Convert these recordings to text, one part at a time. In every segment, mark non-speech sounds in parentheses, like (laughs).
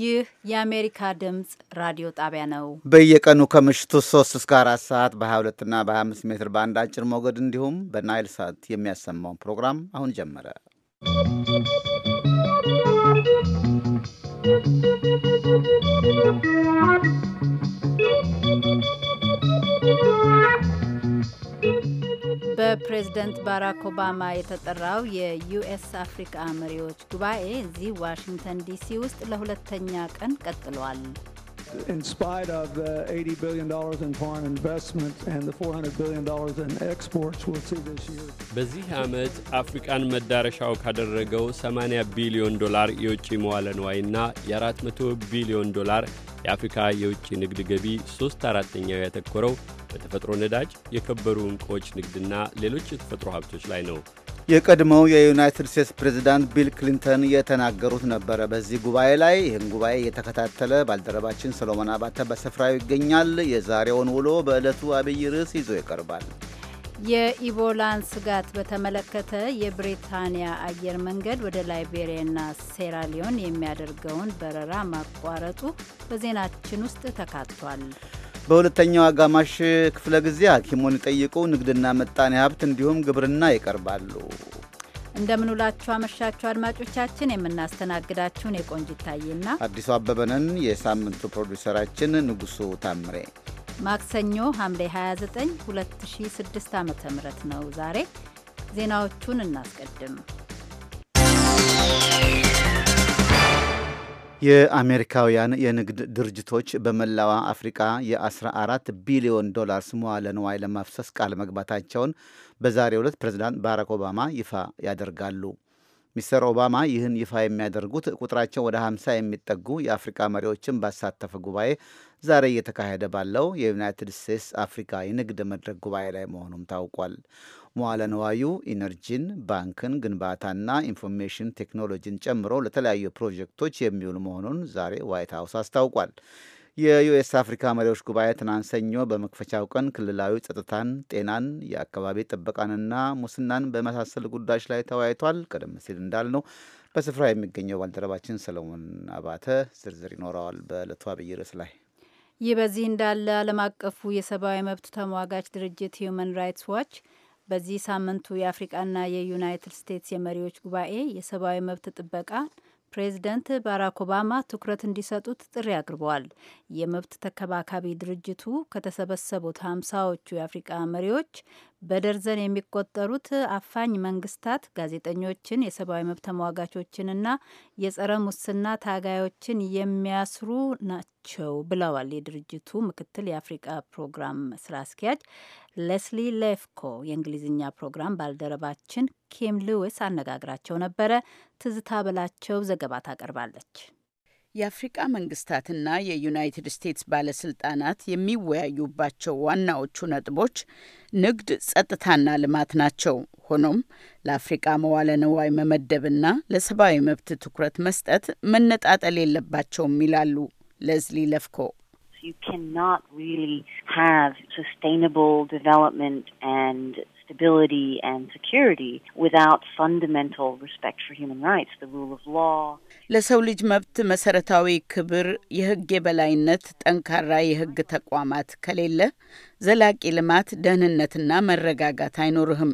ይህ የአሜሪካ ድምፅ ራዲዮ ጣቢያ ነው። በየቀኑ ከምሽቱ 3 እስከ 4 ሰዓት በ22 እና በ25 ሜትር በአንድ አጭር ሞገድ እንዲሁም በናይል ሳት የሚያሰማውን ፕሮግራም አሁን ጀመረ። በፕሬዝደንት ባራክ ኦባማ የተጠራው የዩኤስ አፍሪካ መሪዎች ጉባኤ እዚህ ዋሽንግተን ዲሲ ውስጥ ለሁለተኛ ቀን ቀጥሏል። in spite of the $80 billion in foreign investment and the $400 billion in exports we'll see this year. በዚህ ዓመት አፍሪካን መዳረሻው ካደረገው 80 ቢሊዮን ዶላር የውጭ መዋለ ንዋይና የ400 ቢሊዮን ዶላር የአፍሪካ የውጭ ንግድ ገቢ ሦስት አራተኛው ያተኮረው በተፈጥሮ ነዳጅ፣ የከበሩ ዕንቁዎች ንግድና ሌሎች የተፈጥሮ ሀብቶች ላይ ነው። የቀድሞው የዩናይትድ ስቴትስ ፕሬዚዳንት ቢል ክሊንተን የተናገሩት ነበረ በዚህ ጉባኤ ላይ። ይህን ጉባኤ የተከታተለ ባልደረባችን ሰሎሞን አባተ በስፍራው ይገኛል። የዛሬውን ውሎ በዕለቱ አብይ ርዕስ ይዞ ይቀርባል። የኢቦላን ስጋት በተመለከተ የብሪታንያ አየር መንገድ ወደ ላይቤሪያና ሴራሊዮን የሚያደርገውን በረራ ማቋረጡ በዜናችን ውስጥ ተካቷል። በሁለተኛው አጋማሽ ክፍለ ጊዜ ሐኪሙን ይጠይቁ፣ ንግድና ምጣኔ ሀብት እንዲሁም ግብርና ይቀርባሉ። እንደምንውላችሁ አመሻችሁ አድማጮቻችን። የምናስተናግዳችሁን የቆንጅ ታዬና አዲሱ አበበንን የሳምንቱ ፕሮዲውሰራችን ንጉሱ ታምሬ። ማክሰኞ ሐምሌ 29 2006 ዓ ም ነው ዛሬ። ዜናዎቹን እናስቀድም። የአሜሪካውያን የንግድ ድርጅቶች በመላዋ አፍሪቃ የ14 ቢሊዮን ዶላር መዋለ ንዋይ ለማፍሰስ ቃል መግባታቸውን በዛሬው ዕለት ፕሬዚዳንት ባራክ ኦባማ ይፋ ያደርጋሉ። ሚስተር ኦባማ ይህን ይፋ የሚያደርጉት ቁጥራቸው ወደ 50 የሚጠጉ የአፍሪካ መሪዎችን ባሳተፈ ጉባኤ ዛሬ እየተካሄደ ባለው የዩናይትድ ስቴትስ አፍሪካ የንግድ መድረክ ጉባኤ ላይ መሆኑም ታውቋል። መዋለ ነዋዩ ኢነርጂን፣ ባንክን፣ ግንባታና ኢንፎርሜሽን ቴክኖሎጂን ጨምሮ ለተለያዩ ፕሮጀክቶች የሚውል መሆኑን ዛሬ ዋይት ሀውስ አስታውቋል። የዩኤስ አፍሪካ መሪዎች ጉባኤ ትናንት ሰኞ በመክፈቻው ቀን ክልላዊ ጸጥታን፣ ጤናን፣ የአካባቢ ጥበቃንና ሙስናን በመሳሰል ጉዳዮች ላይ ተወያይቷል። ቀደም ሲል እንዳልነው በስፍራ የሚገኘው ባልደረባችን ሰለሞን አባተ ዝርዝር ይኖረዋል በዕለቱ አብይ ርዕስ ላይ። ይህ በዚህ እንዳለ ዓለም አቀፉ የሰብአዊ መብት ተሟጋች ድርጅት ሂዩማን ራይትስ ዋች በዚህ ሳምንቱ የአፍሪቃና የዩናይትድ ስቴትስ የመሪዎች ጉባኤ የሰብአዊ መብት ጥበቃ ፕሬዚደንት ባራክ ኦባማ ትኩረት እንዲሰጡት ጥሪ አቅርበዋል። የመብት ተከባካቢ ድርጅቱ ከተሰበሰቡት ሀምሳዎቹ የአፍሪቃ መሪዎች በደርዘን የሚቆጠሩት አፋኝ መንግስታት ጋዜጠኞችን፣ የሰብአዊ መብት ተሟጋቾችንና የጸረ ሙስና ታጋዮችን የሚያስሩ ናቸው ብለዋል የድርጅቱ ምክትል የአፍሪቃ ፕሮግራም ስራ አስኪያጅ ሌስሊ ሌፍኮ የእንግሊዝኛ ፕሮግራም ባልደረባችን ኪም ሉዊስ አነጋግራቸው ነበረ። ትዝታ በላቸው ዘገባ ታቀርባለች። የአፍሪቃ መንግስታትና የዩናይትድ ስቴትስ ባለስልጣናት የሚወያዩባቸው ዋናዎቹ ነጥቦች ንግድ፣ ጸጥታና ልማት ናቸው። ሆኖም ለአፍሪቃ መዋለ ንዋይ መመደብና ለሰብአዊ መብት ትኩረት መስጠት መነጣጠል የለባቸውም ይላሉ ለዝሊ ለፍኮ። you cannot really have sustainable development and stability and security without fundamental respect for human rights, the rule of law. ለሰው ልጅ መብት መሰረታዊ ክብር፣ የህግ የበላይነት፣ ጠንካራ የህግ ተቋማት ከሌለ ዘላቂ ልማት፣ ደህንነትና መረጋጋት አይኖርህም።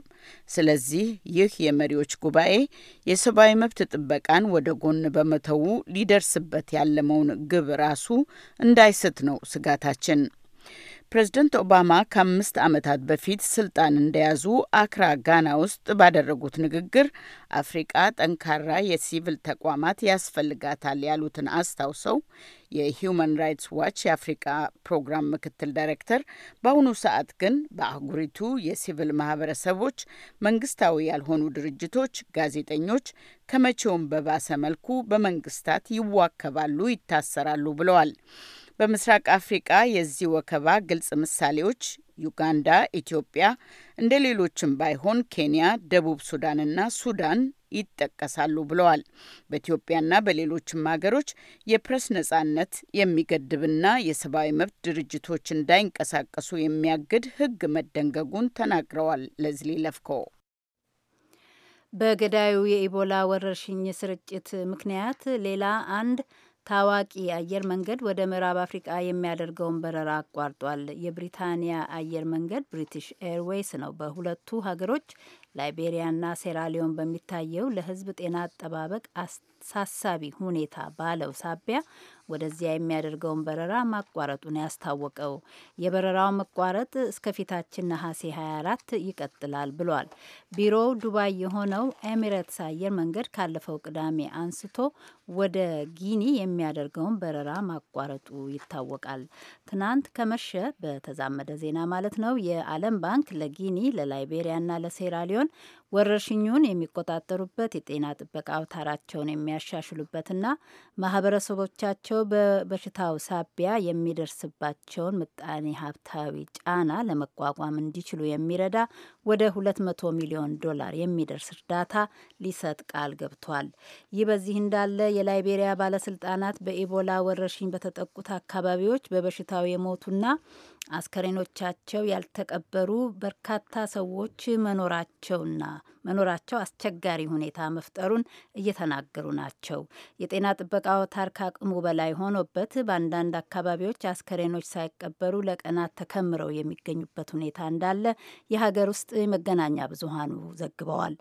ስለዚህ ይህ የመሪዎች ጉባኤ የሰብአዊ መብት ጥበቃን ወደ ጎን በመተዉ ሊደርስበት ያለመውን ግብ ራሱ እንዳይስት ነው ስጋታችን። ፕሬዝደንት ኦባማ ከአምስት ዓመታት በፊት ስልጣን እንደያዙ አክራ ጋና ውስጥ ባደረጉት ንግግር አፍሪቃ ጠንካራ የሲቪል ተቋማት ያስፈልጋታል ያሉትን አስታውሰው የሂዩማን ራይትስ ዋች የአፍሪቃ ፕሮግራም ምክትል ዳይሬክተር በአሁኑ ሰዓት ግን በአህጉሪቱ የሲቪል ማህበረሰቦች፣ መንግስታዊ ያልሆኑ ድርጅቶች፣ ጋዜጠኞች ከመቼውም በባሰ መልኩ በመንግስታት ይዋከባሉ፣ ይታሰራሉ ብለዋል። በምስራቅ አፍሪቃ የዚህ ወከባ ግልጽ ምሳሌዎች ዩጋንዳ፣ ኢትዮጵያ እንደ ሌሎችም ባይሆን ኬንያ፣ ደቡብ ሱዳንና ሱዳን ይጠቀሳሉ ብለዋል። በኢትዮጵያና በሌሎችም ሀገሮች የፕሬስ ነጻነት የሚገድብና የሰብአዊ መብት ድርጅቶች እንዳይንቀሳቀሱ የሚያግድ ሕግ መደንገጉን ተናግረዋል። ለዝሊ ለፍኮ በገዳዩ የኢቦላ ወረርሽኝ ስርጭት ምክንያት ሌላ አንድ ታዋቂ አየር መንገድ ወደ ምዕራብ አፍሪቃ የሚያደርገውን በረራ አቋርጧል። የብሪታንያ አየር መንገድ ብሪቲሽ ኤርዌይስ ነው በሁለቱ ሀገሮች ላይቤሪያና ሴራሊዮን በሚታየው ለሕዝብ ጤና አጠባበቅ አሳሳቢ ሁኔታ ባለው ሳቢያ ወደዚያ የሚያደርገውን በረራ ማቋረጡን ያስታወቀው የበረራው መቋረጥ እስከፊታችን ነሐሴ 24 ይቀጥላል ብሏል። ቢሮው ዱባይ የሆነው ኤሚሬትስ አየር መንገድ ካለፈው ቅዳሜ አንስቶ ወደ ጊኒ የሚያደርገውን በረራ ማቋረጡ ይታወቃል። ትናንት ከመሸ በተዛመደ ዜና ማለት ነው የዓለም ባንክ ለጊኒ ለላይቤሪያና ለሴራሊዮን ሲሆን ወረርሽኙን የሚቆጣጠሩበት የጤና ጥበቃ አውታራቸውን የሚያሻሽሉበትና ማህበረሰቦቻቸው በበሽታው ሳቢያ የሚደርስባቸውን ምጣኔ ሀብታዊ ጫና ለመቋቋም እንዲችሉ የሚረዳ ወደ 200 ሚሊዮን ዶላር የሚደርስ እርዳታ ሊሰጥ ቃል ገብቷል። ይህ በዚህ እንዳለ የላይቤሪያ ባለስልጣናት በኢቦላ ወረርሽኝ በተጠቁት አካባቢዎች በበሽታው የሞቱና አስከሬኖቻቸው ያልተቀበሩ በርካታ ሰዎች መኖራቸውና መኖራቸው አስቸጋሪ ሁኔታ መፍጠሩን እየተናገሩ ናቸው። የጤና ጥበቃ አውታር ከአቅሙ በላይ ሆኖበት በአንዳንድ አካባቢዎች አስከሬኖች ሳይቀበሩ ለቀናት ተከምረው የሚገኙበት ሁኔታ እንዳለ የሀገር ውስጥ መገናኛ ብዙሃኑ ዘግበዋል።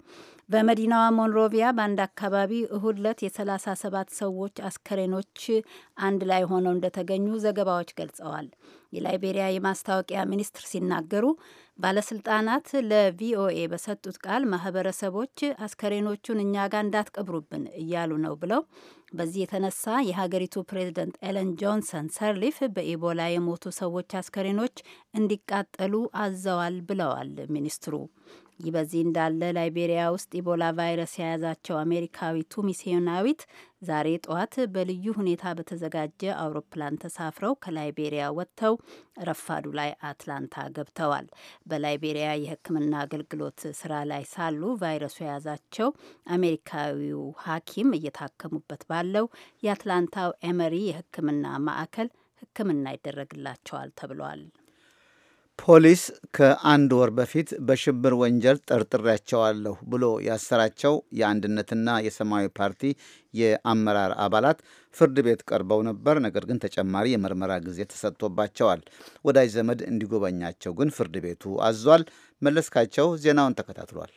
በመዲናዋ ሞንሮቪያ በአንድ አካባቢ እሁድ ለት የ37 ሰዎች አስከሬኖች አንድ ላይ ሆነው እንደተገኙ ዘገባዎች ገልጸዋል። የላይቤሪያ የማስታወቂያ ሚኒስትር ሲናገሩ ባለስልጣናት ለቪኦኤ በሰጡት ቃል ማህበረሰቦች አስከሬኖቹን እኛ ጋር እንዳትቀብሩብን እያሉ ነው ብለው በዚህ የተነሳ የሀገሪቱ ፕሬዚደንት ኤለን ጆንሰን ሰርሊፍ በኢቦላ የሞቱ ሰዎች አስከሬኖች እንዲቃጠሉ አዘዋል ብለዋል ሚኒስትሩ። ይህ በዚህ እንዳለ ላይቤሪያ ውስጥ ኢቦላ ቫይረስ የያዛቸው አሜሪካዊቱ ሚስዮናዊት ዛሬ ጠዋት በልዩ ሁኔታ በተዘጋጀ አውሮፕላን ተሳፍረው ከላይቤሪያ ወጥተው ረፋዱ ላይ አትላንታ ገብተዋል። በላይቤሪያ የሕክምና አገልግሎት ስራ ላይ ሳሉ ቫይረሱ የያዛቸው አሜሪካዊው ሐኪም እየታከሙበት ባለው የአትላንታው ኤመሪ የሕክምና ማዕከል ሕክምና ይደረግላቸዋል ተብሏል። ፖሊስ ከአንድ ወር በፊት በሽብር ወንጀል ጠርጥሬያቸዋለሁ ብሎ ያሰራቸው የአንድነትና የሰማያዊ ፓርቲ የአመራር አባላት ፍርድ ቤት ቀርበው ነበር። ነገር ግን ተጨማሪ የምርመራ ጊዜ ተሰጥቶባቸዋል። ወዳጅ ዘመድ እንዲጎበኛቸው ግን ፍርድ ቤቱ አዟል። መለስካቸው ዜናውን ተከታትሏል።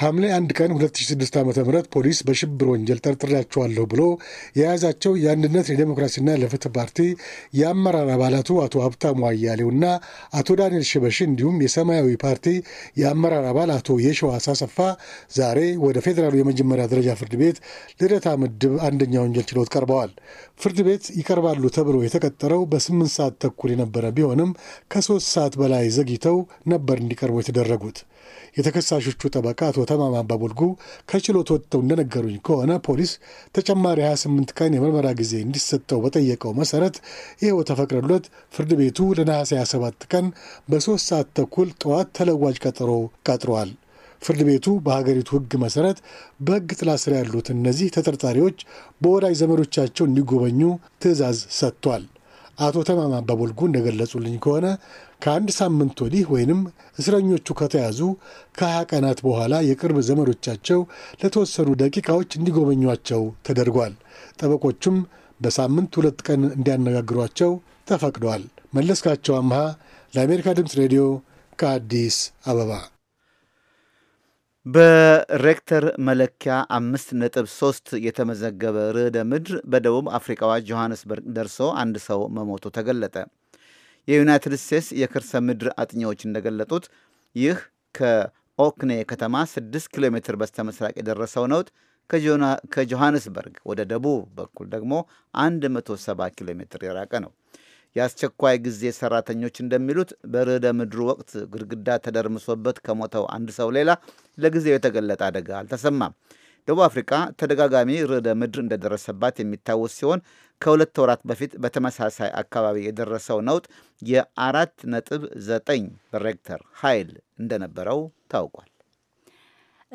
ሐምሌ አንድ ቀን 2006 ዓ ም ፖሊስ በሽብር ወንጀል ጠርጥሬያቸዋለሁ ብሎ የያዛቸው የአንድነት ለዲሞክራሲና ለፍትህ ፓርቲ የአመራር አባላቱ አቶ ሀብታሙ አያሌውና አቶ ዳንኤል ሽበሺ እንዲሁም የሰማያዊ ፓርቲ የአመራር አባል አቶ የሸዋስ አሰፋ ዛሬ ወደ ፌዴራሉ የመጀመሪያ ደረጃ ፍርድ ቤት ልደታ ምድብ አንደኛ ወንጀል ችሎት ቀርበዋል። ፍርድ ቤት ይቀርባሉ ተብሎ የተቀጠረው በስምንት ሰዓት ተኩል የነበረ ቢሆንም ከሶስት ሰዓት በላይ ዘግይተው ነበር እንዲቀርቡ የተደረጉት። የተከሳሾቹ ጠበቃ አቶ ተማማ አባቦልጉ ከችሎት ወጥተው እንደነገሩኝ ከሆነ ፖሊስ ተጨማሪ 28 ቀን የምርመራ ጊዜ እንዲሰጠው በጠየቀው መሰረት ይኸው ተፈቅዶለት ፍርድ ቤቱ ለነሐሴ 27 ቀን በሦስት ሰዓት ተኩል ጠዋት ተለዋጅ ቀጠሮ ቀጥሯል። ፍርድ ቤቱ በሀገሪቱ ሕግ መሰረት በሕግ ጥላ ስር ያሉት እነዚህ ተጠርጣሪዎች በወዳጅ ዘመዶቻቸው እንዲጎበኙ ትዕዛዝ ሰጥቷል። አቶ ተማማ በቦልጉ እንደገለጹልኝ ከሆነ ከአንድ ሳምንት ወዲህ ወይንም እስረኞቹ ከተያዙ ከሀያ ቀናት በኋላ የቅርብ ዘመዶቻቸው ለተወሰኑ ደቂቃዎች እንዲጎበኟቸው ተደርጓል። ጠበቆቹም በሳምንት ሁለት ቀን እንዲያነጋግሯቸው ተፈቅደዋል። መለስካቸው አምሃ ለአሜሪካ ድምፅ ሬዲዮ ከአዲስ አበባ በሬክተር መለኪያ አምስት ነጥብ ሶስት የተመዘገበ ርዕደ ምድር በደቡብ አፍሪካዋ ጆሐንስበርግ ደርሶ አንድ ሰው መሞቱ ተገለጠ። የዩናይትድ ስቴትስ የክርሰ ምድር አጥኚዎች እንደገለጡት ይህ ከኦክኔ ከተማ 6 ኪሎ ሜትር በስተ ምስራቅ የደረሰው ነውጥ ከጆሐንስበርግ ወደ ደቡብ በኩል ደግሞ 170 ኪሎ ሜትር የራቀ ነው። የአስቸኳይ ጊዜ ሰራተኞች እንደሚሉት በርዕደ ምድሩ ወቅት ግድግዳ ተደርምሶበት ከሞተው አንድ ሰው ሌላ ለጊዜው የተገለጠ አደጋ አልተሰማም። ደቡብ አፍሪካ ተደጋጋሚ ርዕደ ምድር እንደደረሰባት የሚታወስ ሲሆን ከሁለት ወራት በፊት በተመሳሳይ አካባቢ የደረሰው ነውጥ የአራት ነጥብ ዘጠኝ በሬክተር ኃይል እንደነበረው ታውቋል።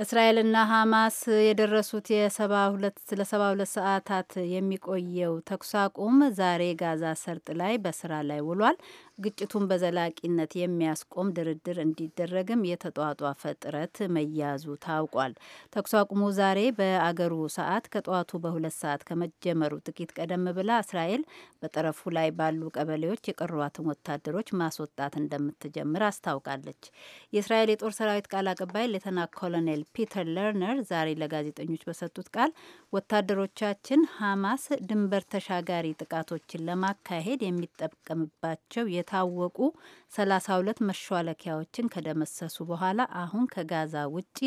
እስራኤልና ሀማስ የደረሱት የሰባ ሁለት ለሰባ ሁለት ሰዓታት የሚቆየው ተኩስ አቁም ዛሬ ጋዛ ሰርጥ ላይ በስራ ላይ ውሏል። ግጭቱን በዘላቂነት የሚያስቆም ድርድር እንዲደረግም የተጧጧፈ ጥረት መያዙ ታውቋል። ተኩስ አቁሙ ዛሬ በአገሩ ሰዓት ከጠዋቱ በሁለት ሰዓት ከመጀመሩ ጥቂት ቀደም ብላ እስራኤል በጠረፉ ላይ ባሉ ቀበሌዎች የቀሯትን ወታደሮች ማስወጣት እንደምትጀምር አስታውቃለች። የእስራኤል የጦር ሰራዊት ቃል አቀባይ ሌተና ኮሎኔል ፒተር ለርነር ዛሬ ለጋዜጠኞች በሰጡት ቃል ወታደሮቻችን ሀማስ ድንበር ተሻጋሪ ጥቃቶችን ለማካሄድ የሚጠቀምባቸው የታወቁ 32 መሿለኪያዎችን ከደመሰሱ በኋላ አሁን ከጋዛ ውጪ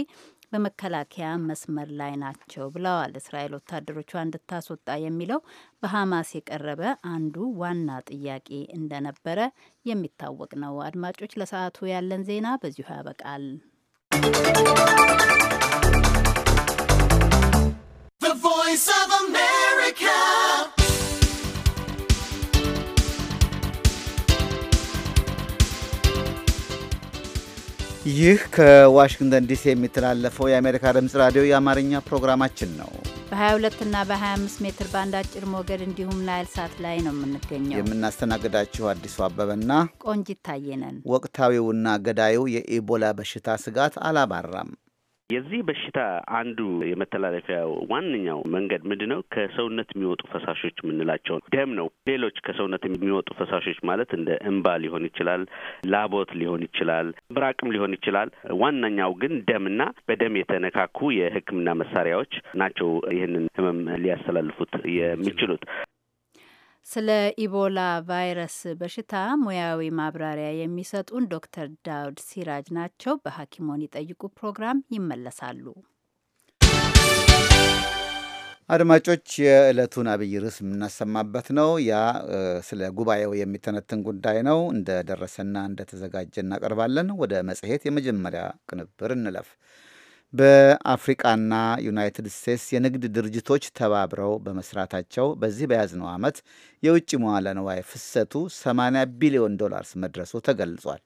በመከላከያ መስመር ላይ ናቸው ብለዋል። እስራኤል ወታደሮቿ እንድታስወጣ የሚለው በሐማስ የቀረበ አንዱ ዋና ጥያቄ እንደነበረ የሚታወቅ ነው። አድማጮች፣ ለሰዓቱ ያለን ዜና በዚሁ ያበቃል። ይህ ከዋሽንግተን ዲሲ የሚተላለፈው የአሜሪካ ድምፅ ራዲዮ የአማርኛ ፕሮግራማችን ነው። በ22 እና በ25 ሜትር ባንድ አጭር ሞገድ እንዲሁም ናይል ሳት ላይ ነው የምንገኘው። የምናስተናግዳችሁ አዲሱ አበበና ቆንጂት ታየነን። ወቅታዊውና ገዳዩ የኢቦላ በሽታ ስጋት አላባራም። የዚህ በሽታ አንዱ የመተላለፊያ ዋነኛው መንገድ ምንድን ነው? ከሰውነት የሚወጡ ፈሳሾች የምንላቸው ደም ነው። ሌሎች ከሰውነት የሚወጡ ፈሳሾች ማለት እንደ እንባ ሊሆን ይችላል፣ ላቦት ሊሆን ይችላል፣ ብራቅም ሊሆን ይችላል። ዋናኛው ግን ደምና በደም የተነካኩ የሕክምና መሳሪያዎች ናቸው ይህንን ህመም ሊያስተላልፉት የሚችሉት። ስለ ኢቦላ ቫይረስ በሽታ ሙያዊ ማብራሪያ የሚሰጡን ዶክተር ዳውድ ሲራጅ ናቸው። በሐኪሞን ይጠይቁ ፕሮግራም ይመለሳሉ። አድማጮች፣ የዕለቱን አብይ ርዕስ የምናሰማበት ነው። ያ ስለ ጉባኤው የሚተነትን ጉዳይ ነው። እንደደረሰና እንደተዘጋጀ እናቀርባለን። ወደ መጽሔት የመጀመሪያ ቅንብር እንለፍ። በአፍሪቃና ዩናይትድ ስቴትስ የንግድ ድርጅቶች ተባብረው በመስራታቸው በዚህ በያዝነው ዓመት የውጭ መዋለ ንዋይ ፍሰቱ 80 ቢሊዮን ዶላርስ መድረሱ ተገልጿል።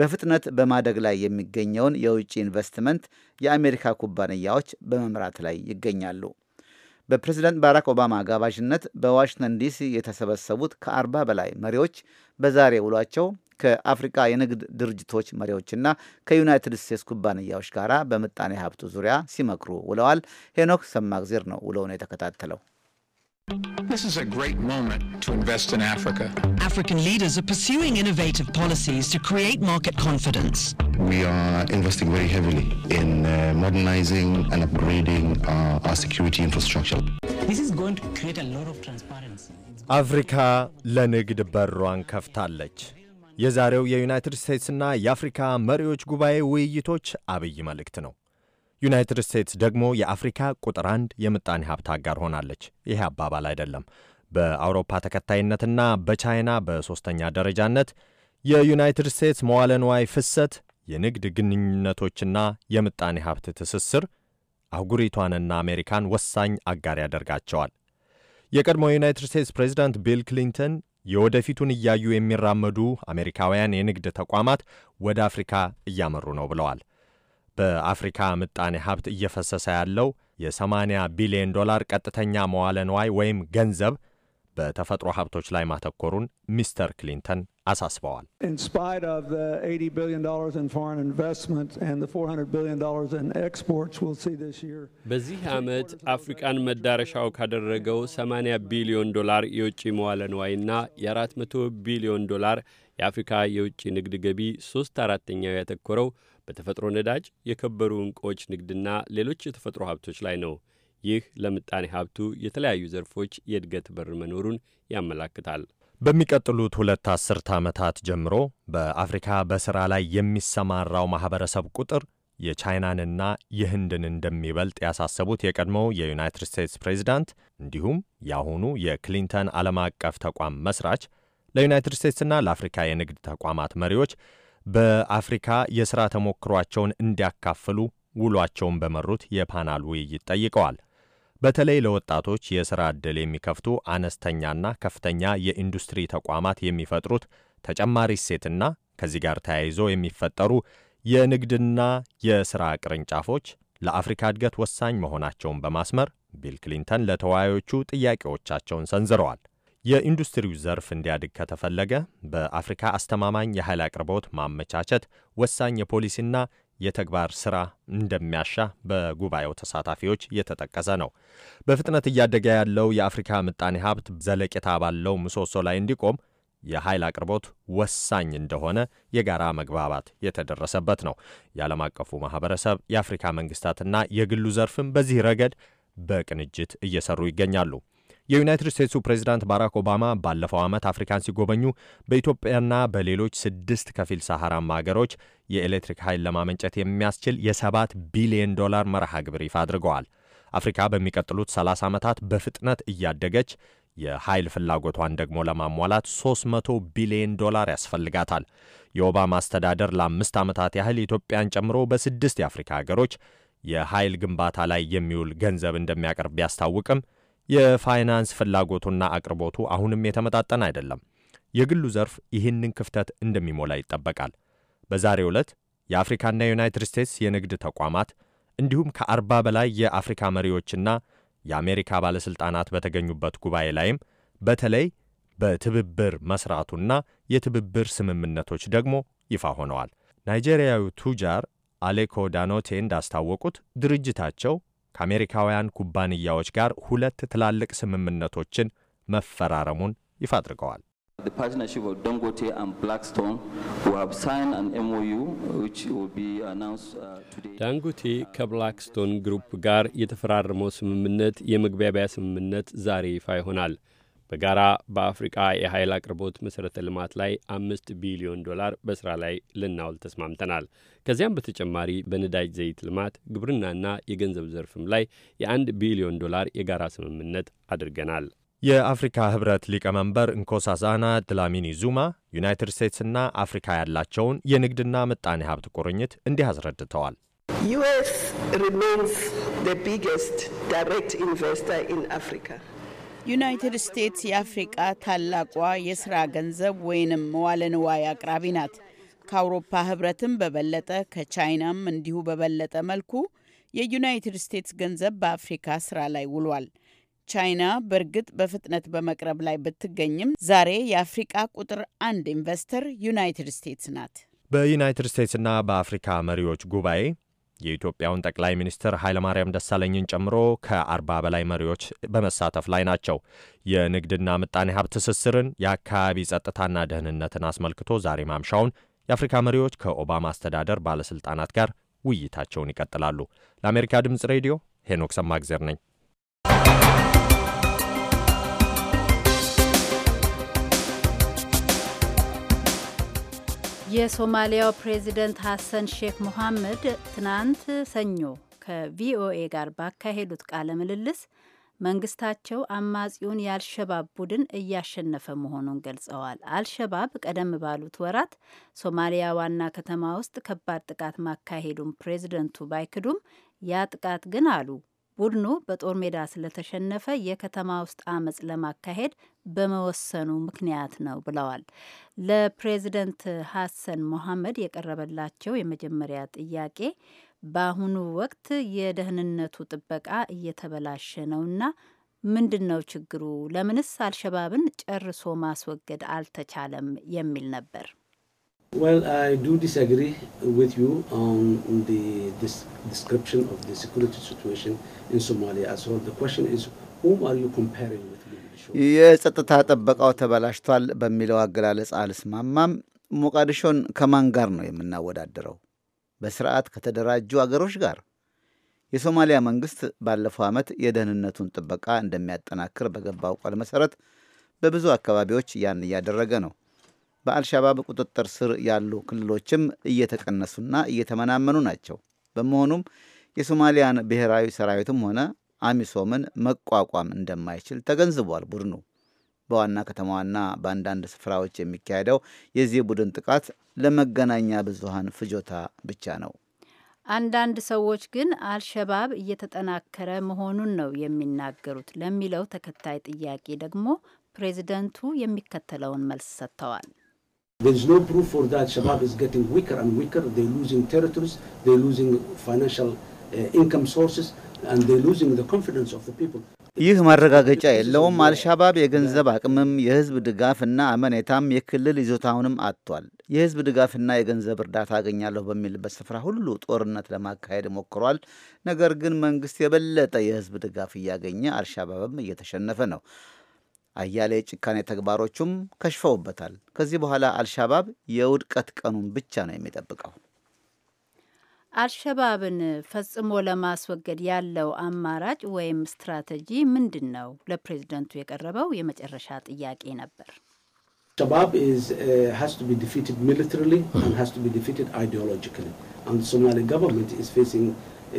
በፍጥነት በማደግ ላይ የሚገኘውን የውጭ ኢንቨስትመንት የአሜሪካ ኩባንያዎች በመምራት ላይ ይገኛሉ። በፕሬዝደንት ባራክ ኦባማ አጋባዥነት በዋሽንግተን ዲሲ የተሰበሰቡት ከ40 በላይ መሪዎች በዛሬ ውሏቸው ከአፍሪካ የንግድ ድርጅቶች መሪዎችና ከዩናይትድ ስቴትስ ኩባንያዎች ጋር በምጣኔ ሀብቱ ዙሪያ ሲመክሩ ውለዋል። ሄኖክ ሰማግዜር ነው ውለውን የተከታተለው። This is a great moment to invest in Africa. African leaders are pursuing innovative policies to create market confidence. We are investing very heavily in uh, modernizing and upgrading our, our security infrastructure. This is going to create a lot of transparency. Africa, Lenig de በሯን ከፍታለች። የዛሬው የዩናይትድ ስቴትስና የአፍሪካ መሪዎች ጉባኤ ውይይቶች አብይ መልእክት ነው። ዩናይትድ ስቴትስ ደግሞ የአፍሪካ ቁጥር አንድ የምጣኔ ሀብት አጋር ሆናለች። ይሄ አባባል አይደለም። በአውሮፓ ተከታይነትና በቻይና በሦስተኛ ደረጃነት የዩናይትድ ስቴትስ መዋለ ንዋይ ፍሰት፣ የንግድ ግንኙነቶችና የምጣኔ ሀብት ትስስር አህጉሪቷንና አሜሪካን ወሳኝ አጋር ያደርጋቸዋል። የቀድሞ የዩናይትድ ስቴትስ ፕሬዚዳንት ቢል ክሊንተን የወደፊቱን እያዩ የሚራመዱ አሜሪካውያን የንግድ ተቋማት ወደ አፍሪካ እያመሩ ነው ብለዋል። በአፍሪካ ምጣኔ ሀብት እየፈሰሰ ያለው የ80 ቢሊዮን ዶላር ቀጥተኛ መዋለ ንዋይ ወይም ገንዘብ በተፈጥሮ ሀብቶች ላይ ማተኮሩን ሚስተር ክሊንተን አሳስበዋል። በዚህ ዓመት አፍሪቃን መዳረሻው ካደረገው 80 ቢሊዮን ዶላር የውጭ መዋለ ንዋይና የ400 ቢሊዮን ዶላር የአፍሪካ የውጭ ንግድ ገቢ ሦስት አራተኛው ያተኮረው በተፈጥሮ ነዳጅ፣ የከበሩ ዕንቆች ንግድና ሌሎች የተፈጥሮ ሀብቶች ላይ ነው። ይህ ለምጣኔ ሀብቱ የተለያዩ ዘርፎች የእድገት በር መኖሩን ያመላክታል። በሚቀጥሉት ሁለት አስርተ ዓመታት ጀምሮ በአፍሪካ በሥራ ላይ የሚሰማራው ማኅበረሰብ ቁጥር የቻይናንና የህንድን እንደሚበልጥ ያሳሰቡት የቀድሞው የዩናይትድ ስቴትስ ፕሬዚዳንት እንዲሁም የአሁኑ የክሊንተን ዓለም አቀፍ ተቋም መስራች ለዩናይትድ ስቴትስና ለአፍሪካ የንግድ ተቋማት መሪዎች በአፍሪካ የሥራ ተሞክሯቸውን እንዲያካፍሉ ውሏቸውን በመሩት የፓናል ውይይት ጠይቀዋል። በተለይ ለወጣቶች የሥራ ዕድል የሚከፍቱ አነስተኛና ከፍተኛ የኢንዱስትሪ ተቋማት የሚፈጥሩት ተጨማሪ እሴትና ከዚህ ጋር ተያይዞ የሚፈጠሩ የንግድና የሥራ ቅርንጫፎች ለአፍሪካ እድገት ወሳኝ መሆናቸውን በማስመር ቢል ክሊንተን ለተወያዮቹ ጥያቄዎቻቸውን ሰንዝረዋል። የኢንዱስትሪው ዘርፍ እንዲያድግ ከተፈለገ በአፍሪካ አስተማማኝ የኃይል አቅርቦት ማመቻቸት ወሳኝ የፖሊሲና የተግባር ስራ እንደሚያሻ በጉባኤው ተሳታፊዎች የተጠቀሰ ነው። በፍጥነት እያደገ ያለው የአፍሪካ ምጣኔ ሀብት ዘለቄታ ባለው ምሰሶ ላይ እንዲቆም የኃይል አቅርቦት ወሳኝ እንደሆነ የጋራ መግባባት የተደረሰበት ነው። የዓለም አቀፉ ማህበረሰብ፣ የአፍሪካ መንግስታትና የግሉ ዘርፍም በዚህ ረገድ በቅንጅት እየሰሩ ይገኛሉ። የዩናይትድ ስቴትሱ ፕሬዚዳንት ባራክ ኦባማ ባለፈው ዓመት አፍሪካን ሲጎበኙ በኢትዮጵያና በሌሎች ስድስት ከፊል ሰሐራማ አገሮች የኤሌክትሪክ ኃይል ለማመንጨት የሚያስችል የሰባት ቢሊዮን ዶላር መርሃ ግብር ይፋ አድርገዋል። አፍሪካ በሚቀጥሉት 30 ዓመታት በፍጥነት እያደገች የኃይል ፍላጎቷን ደግሞ ለማሟላት 300 ቢሊዮን ዶላር ያስፈልጋታል። የኦባማ አስተዳደር ለአምስት ዓመታት ያህል ኢትዮጵያን ጨምሮ በስድስት የአፍሪካ ሀገሮች የኃይል ግንባታ ላይ የሚውል ገንዘብ እንደሚያቀርብ ቢያስታውቅም የፋይናንስ ፍላጎቱና አቅርቦቱ አሁንም የተመጣጠነ አይደለም። የግሉ ዘርፍ ይህንን ክፍተት እንደሚሞላ ይጠበቃል። በዛሬ ዕለት የአፍሪካና የዩናይትድ ስቴትስ የንግድ ተቋማት እንዲሁም ከአርባ በላይ የአፍሪካ መሪዎችና የአሜሪካ ባለሥልጣናት በተገኙበት ጉባኤ ላይም በተለይ በትብብር መስራቱና የትብብር ስምምነቶች ደግሞ ይፋ ሆነዋል። ናይጄሪያዊ ቱጃር አሌኮ ዳኖቴ እንዳስታወቁት ድርጅታቸው ከአሜሪካውያን ኩባንያዎች ጋር ሁለት ትላልቅ ስምምነቶችን መፈራረሙን ይፋ አድርገዋል። ዳንጎቴ uh, ከብላክስቶን ግሩፕ ጋር የተፈራረመው ስምምነት የመግባቢያ ስምምነት ዛሬ ይፋ ይሆናል። በጋራ በአፍሪቃ የኃይል አቅርቦት መሠረተ ልማት ላይ አምስት ቢሊዮን ዶላር በሥራ ላይ ልናውል ተስማምተናል። ከዚያም በተጨማሪ በነዳጅ ዘይት ልማት፣ ግብርናና የገንዘብ ዘርፍም ላይ የአንድ ቢሊዮን ዶላር የጋራ ስምምነት አድርገናል። የአፍሪካ ህብረት ሊቀመንበር እንኮሳዛና ድላሚኒ ዙማ ዩናይትድ ስቴትስና አፍሪካ ያላቸውን የንግድና ምጣኔ ሀብት ቁርኝት እንዲህ አስረድተዋል። ዩኤስ ሪሜንስ ቢግስት ዳይሬክት ኢንቨስተር ኢን አፍሪካ ዩናይትድ ስቴትስ የአፍሪቃ ታላቋ የስራ ገንዘብ ወይንም መዋለ ንዋይ አቅራቢ ናት። ከአውሮፓ ህብረትም በበለጠ ከቻይናም እንዲሁ በበለጠ መልኩ የዩናይትድ ስቴትስ ገንዘብ በአፍሪካ ስራ ላይ ውሏል። ቻይና በእርግጥ በፍጥነት በመቅረብ ላይ ብትገኝም ዛሬ የአፍሪቃ ቁጥር አንድ ኢንቨስተር ዩናይትድ ስቴትስ ናት። በዩናይትድ ስቴትስና በአፍሪካ መሪዎች ጉባኤ የኢትዮጵያውን ጠቅላይ ሚኒስትር ኃይለማርያም ደሳለኝን ጨምሮ ከአርባ በላይ መሪዎች በመሳተፍ ላይ ናቸው። የንግድና ምጣኔ ሀብት ትስስርን፣ የአካባቢ ጸጥታና ደህንነትን አስመልክቶ ዛሬ ማምሻውን የአፍሪካ መሪዎች ከኦባማ አስተዳደር ባለሥልጣናት ጋር ውይይታቸውን ይቀጥላሉ። ለአሜሪካ ድምፅ ሬዲዮ ሄኖክ ሰማግዜር ነኝ። የሶማሊያው ፕሬዚደንት ሐሰን ሼክ ሙሐመድ ትናንት ሰኞ ከቪኦኤ ጋር ባካሄዱት ቃለ ምልልስ መንግስታቸው አማጺውን የአልሸባብ ቡድን እያሸነፈ መሆኑን ገልጸዋል። አልሸባብ ቀደም ባሉት ወራት ሶማሊያ ዋና ከተማ ውስጥ ከባድ ጥቃት ማካሄዱን ፕሬዚደንቱ ባይክዱም ያ ጥቃት ግን አሉ ቡድኑ በጦር ሜዳ ስለተሸነፈ የከተማ ውስጥ አመፅ ለማካሄድ በመወሰኑ ምክንያት ነው ብለዋል። ለፕሬዚደንት ሐሰን ሞሐመድ የቀረበላቸው የመጀመሪያ ጥያቄ በአሁኑ ወቅት የደህንነቱ ጥበቃ እየተበላሸ ነውና ምንድን ነው ችግሩ? ለምንስ አልሸባብን ጨርሶ ማስወገድ አልተቻለም? የሚል ነበር። Well, I do disagree with you on the this description of the security situation in Somalia as well. The question is, whom are you comparing with? የጸጥታ ጥበቃው ተበላሽቷል በሚለው አገላለጽ አልስማማም። ሞቃዲሾን ከማን ጋር ነው የምናወዳደረው? በስርዓት ከተደራጁ አገሮች ጋር። የሶማሊያ መንግስት ባለፈው ዓመት የደህንነቱን ጥበቃ እንደሚያጠናክር በገባው ቃል መሰረት በብዙ አካባቢዎች ያን እያደረገ ነው። በአልሻባብ ቁጥጥር ስር ያሉ ክልሎችም እየተቀነሱና እየተመናመኑ ናቸው። በመሆኑም የሶማሊያን ብሔራዊ ሰራዊትም ሆነ አሚሶምን መቋቋም እንደማይችል ተገንዝቧል ቡድኑ። በዋና ከተማዋና በአንዳንድ ስፍራዎች የሚካሄደው የዚህ ቡድን ጥቃት ለመገናኛ ብዙሃን ፍጆታ ብቻ ነው። አንዳንድ ሰዎች ግን አልሸባብ እየተጠናከረ መሆኑን ነው የሚናገሩት ለሚለው ተከታይ ጥያቄ ደግሞ ፕሬዚደንቱ የሚከተለውን መልስ ሰጥተዋል። There's no proof for that. Shabab is getting weaker and weaker. They're losing territories, they're losing financial uh, income sources, and they're losing the confidence of the people. ይህ ማረጋገጫ የለውም። አልሻባብ የገንዘብ አቅምም የህዝብ ድጋፍና አመኔታም የክልል ይዞታውንም አጥቷል። የህዝብ ድጋፍና የገንዘብ እርዳታ አገኛለሁ በሚልበት ስፍራ ሁሉ ጦርነት ለማካሄድ ሞክሯል። ነገር ግን መንግስት የበለጠ የህዝብ ድጋፍ እያገኘ አልሻባብም እየተሸነፈ ነው። አያሌ የጭካኔ ተግባሮቹም ከሽፈውበታል። ከዚህ በኋላ አልሻባብ የውድቀት ቀኑን ብቻ ነው የሚጠብቀው። አልሸባብን ፈጽሞ ለማስወገድ ያለው አማራጭ ወይም ስትራቴጂ ምንድን ነው? ለፕሬዝደንቱ የቀረበው የመጨረሻ ጥያቄ ነበር። ሸባብ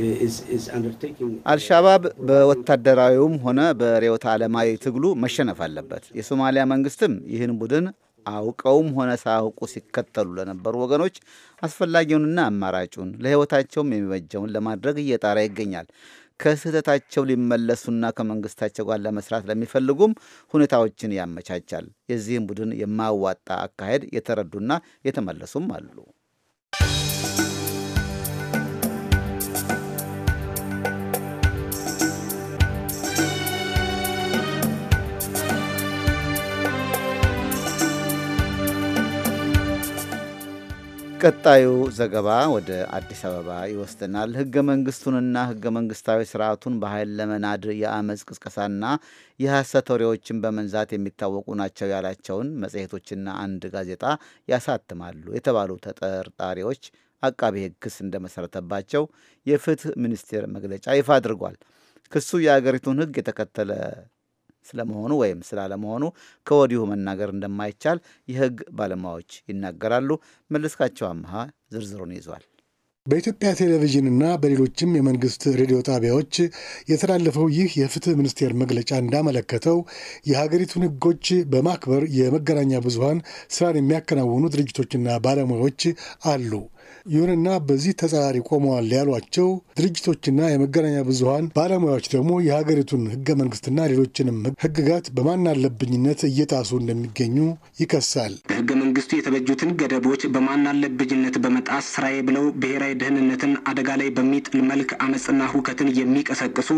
Uh, አልሻባብ በወታደራዊውም ሆነ በርዕዮተ ዓለማዊ ትግሉ መሸነፍ አለበት። የሶማሊያ መንግስትም ይህን ቡድን አውቀውም ሆነ ሳያውቁ ሲከተሉ ለነበሩ ወገኖች አስፈላጊውንና አማራጩን ለሕይወታቸውም የሚበጀውን ለማድረግ እየጣራ ይገኛል። ከስህተታቸው ሊመለሱና ከመንግስታቸው ጋር ለመስራት ለሚፈልጉም ሁኔታዎችን ያመቻቻል። የዚህም ቡድን የማዋጣ አካሄድ የተረዱና የተመለሱም አሉ። ቀጣዩ ዘገባ ወደ አዲስ አበባ ይወስደናል። ህገ መንግስቱንና ህገ መንግስታዊ ስርዓቱን በኃይል ለመናድ የአመፅ ቅስቀሳና የሐሰት ወሬዎችን በመንዛት የሚታወቁ ናቸው ያላቸውን መጽሔቶችና አንድ ጋዜጣ ያሳትማሉ የተባሉ ተጠርጣሪዎች አቃቤ ህግ ክስ እንደመሰረተባቸው የፍትህ ሚኒስቴር መግለጫ ይፋ አድርጓል። ክሱ የአገሪቱን ህግ የተከተለ ስለመሆኑ ወይም ስላለመሆኑ ከወዲሁ መናገር እንደማይቻል የህግ ባለሙያዎች ይናገራሉ። መለስካቸው አምሃ ዝርዝሩን ይዟል። በኢትዮጵያ ቴሌቪዥንና በሌሎችም የመንግስት ሬዲዮ ጣቢያዎች የተላለፈው ይህ የፍትህ ሚኒስቴር መግለጫ እንዳመለከተው የሀገሪቱን ህጎች በማክበር የመገናኛ ብዙሀን ስራን የሚያከናውኑ ድርጅቶችና ባለሙያዎች አሉ። ይሁንና በዚህ ተጻራሪ ቆመዋል ያሏቸው ድርጅቶችና የመገናኛ ብዙሀን ባለሙያዎች ደግሞ የሀገሪቱን ህገ መንግስትና ሌሎችንም ህግጋት በማናለብኝነት እየጣሱ እንደሚገኙ ይከሳል። በህገ መንግስቱ የተበጁትን ገደቦች በማናለብኝነት በመጣስ ስራዬ ብለው ብሔራዊ ደህንነትን አደጋ ላይ በሚጥል መልክ አመፅና ሁከትን የሚቀሰቅሱ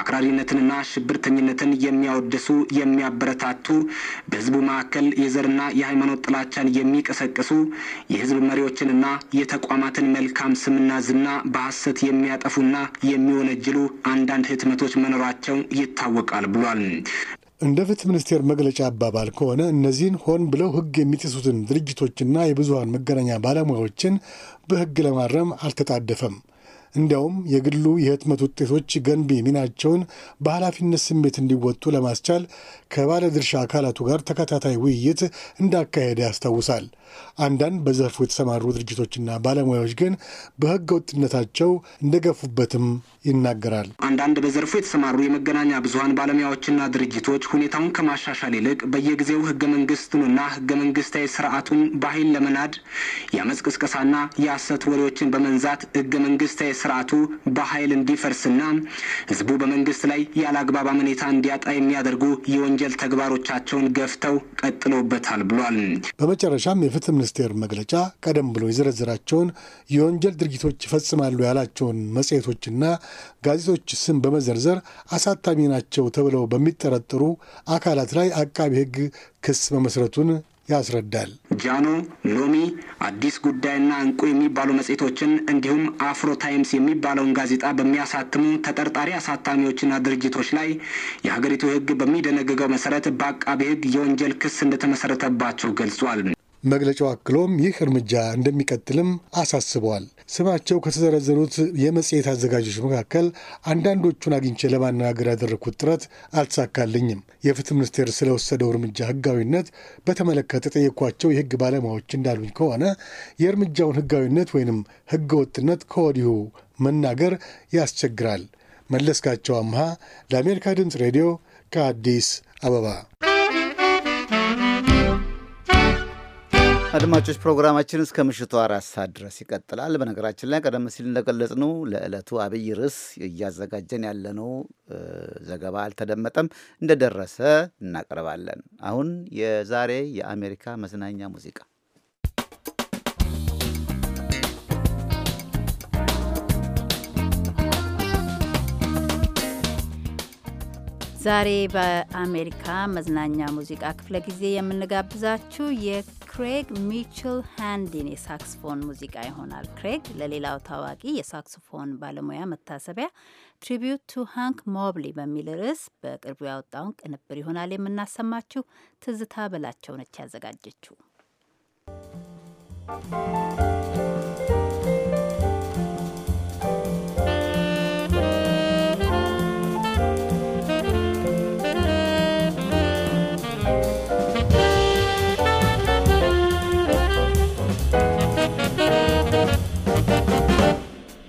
አክራሪነትንና ሽብርተኝነትን የሚያወድሱ የሚያበረታቱ በህዝቡ መካከል የዘርና የሃይማኖት ጥላቻን የሚቀሰቅሱ የህዝብ መሪዎችንና የተቋማትን መልካም ስምና ዝና በሐሰት የሚያጠፉና የሚወነጅሉ አንዳንድ ህትመቶች መኖራቸው ይታወቃል ብሏል። እንደ ፍትህ ሚኒስቴር መግለጫ አባባል ከሆነ እነዚህን ሆን ብለው ህግ የሚጥሱትን ድርጅቶችና የብዙሀን መገናኛ ባለሙያዎችን በህግ ለማረም አልተጣደፈም። እንዲያውም የግሉ የህትመት ውጤቶች ገንቢ ሚናቸውን በኃላፊነት ስሜት እንዲወጡ ለማስቻል ከባለድርሻ አካላቱ ጋር ተከታታይ ውይይት እንዳካሄደ ያስታውሳል። አንዳንድ በዘርፉ የተሰማሩ ድርጅቶችና ባለሙያዎች ግን በህገ ወጥነታቸው እንደገፉበትም ይናገራል። አንዳንድ በዘርፉ የተሰማሩ የመገናኛ ብዙሀን ባለሙያዎችና ድርጅቶች ሁኔታውን ከማሻሻል ይልቅ በየጊዜው ህገ መንግስቱንና ህገ መንግስታዊ ስርዓቱን በኃይል ለመናድ የአመፅ ቅስቀሳና የሐሰት ወሬዎችን በመንዛት ህገ መንግስታዊ ስርዓቱ በኃይል እንዲፈርስና ህዝቡ በመንግስት ላይ ያለ አግባብ አመኔታ እንዲያጣ የሚያደርጉ የወንጀል ተግባሮቻቸውን ገፍተው ቀጥሎበታል ብሏል። በመጨረሻም የፍትህ ሚኒስቴር መግለጫ ቀደም ብሎ የዘረዘራቸውን የወንጀል ድርጊቶች ይፈጽማሉ ያላቸውን መጽሔቶችና ጋዜጦች ስም በመዘርዘር አሳታሚ ናቸው ተብለው በሚጠረጠሩ አካላት ላይ አቃቢ ህግ ክስ መመስረቱን ያስረዳል። ጃኖ፣ ሎሚ፣ አዲስ ጉዳይና እንቁ የሚባሉ መጽሔቶችን እንዲሁም አፍሮ ታይምስ የሚባለውን ጋዜጣ በሚያሳትሙ ተጠርጣሪ አሳታሚዎችና ድርጅቶች ላይ የሀገሪቱ ሕግ በሚደነግገው መሰረት በአቃቤ ሕግ የወንጀል ክስ እንደተመሰረተባቸው ገልጿል። መግለጫው አክሎም ይህ እርምጃ እንደሚቀጥልም አሳስበዋል። ስማቸው ከተዘረዘሩት የመጽሔት አዘጋጆች መካከል አንዳንዶቹን አግኝቼ ለማነጋገር ያደረግኩት ጥረት አልተሳካልኝም። የፍትህ ሚኒስቴር ስለወሰደው እርምጃ ህጋዊነት በተመለከተ ጠየኳቸው። የህግ ባለሙያዎች እንዳሉኝ ከሆነ የእርምጃውን ህጋዊነት ወይንም ህገወጥነት ከወዲሁ መናገር ያስቸግራል። መለስካቸው አምሃ ለአሜሪካ ድምፅ ሬዲዮ ከአዲስ አበባ አድማጮች ፕሮግራማችን እስከ ምሽቱ አራት ሰዓት ድረስ ይቀጥላል። በነገራችን ላይ ቀደም ሲል እንደገለጽነው ለዕለቱ አብይ ርዕስ እያዘጋጀን ያለነው ዘገባ አልተደመጠም፣ እንደደረሰ እናቀርባለን። አሁን የዛሬ የአሜሪካ መዝናኛ ሙዚቃ ዛሬ በአሜሪካ መዝናኛ ሙዚቃ ክፍለ ጊዜ የምንጋብዛችሁ የክሬግ ሚችል ሃንዲን የሳክስፎን ሙዚቃ ይሆናል። ክሬግ ለሌላው ታዋቂ የሳክስፎን ባለሙያ መታሰቢያ ትሪቢዩት ቱ ሃንክ ሞብሊ በሚል ርዕስ በቅርቡ ያወጣውን ቅንብር ይሆናል የምናሰማችሁ። ትዝታ በላቸው ነች ያዘጋጀችው።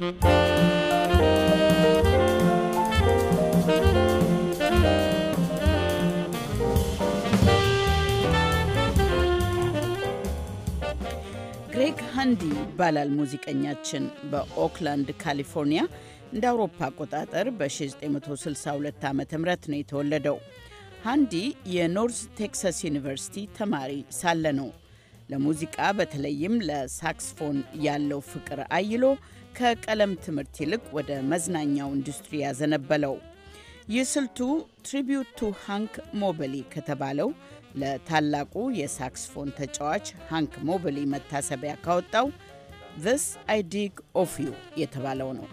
ግሬግ ሃንዲ ይባላል ሙዚቀኛችን። በኦክላንድ ካሊፎርኒያ እንደ አውሮፓ አቆጣጠር በ1962 ዓ ም ነው የተወለደው። ሃንዲ የኖርዝ ቴክሳስ ዩኒቨርሲቲ ተማሪ ሳለ ነው ለሙዚቃ በተለይም ለሳክስፎን ያለው ፍቅር አይሎ ከቀለም ትምህርት ይልቅ ወደ መዝናኛው ኢንዱስትሪ ያዘነበለው። ይህ ስልቱ ትሪቢዩት ቱ ሃንክ ሞበሊ ከተባለው ለታላቁ የሳክስፎን ተጫዋች ሃንክ ሞበሊ መታሰቢያ ካወጣው ዚስ አይ ዲግ ኦፍ ዩ የተባለው ነው።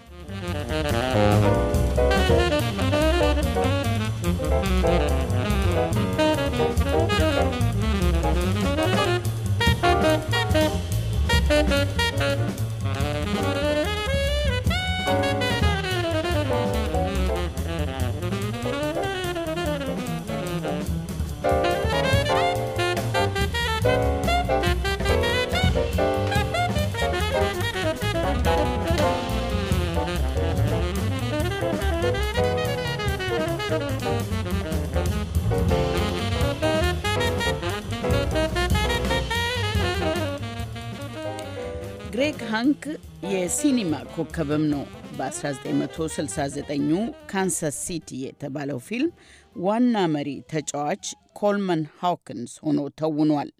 የሲኒማ ኮከብም ነው። በ1969 ካንሳስ ሲቲ የተባለው ፊልም ዋና መሪ ተጫዋች ኮልመን ሃውኪንስ ሆኖ ተውኗል።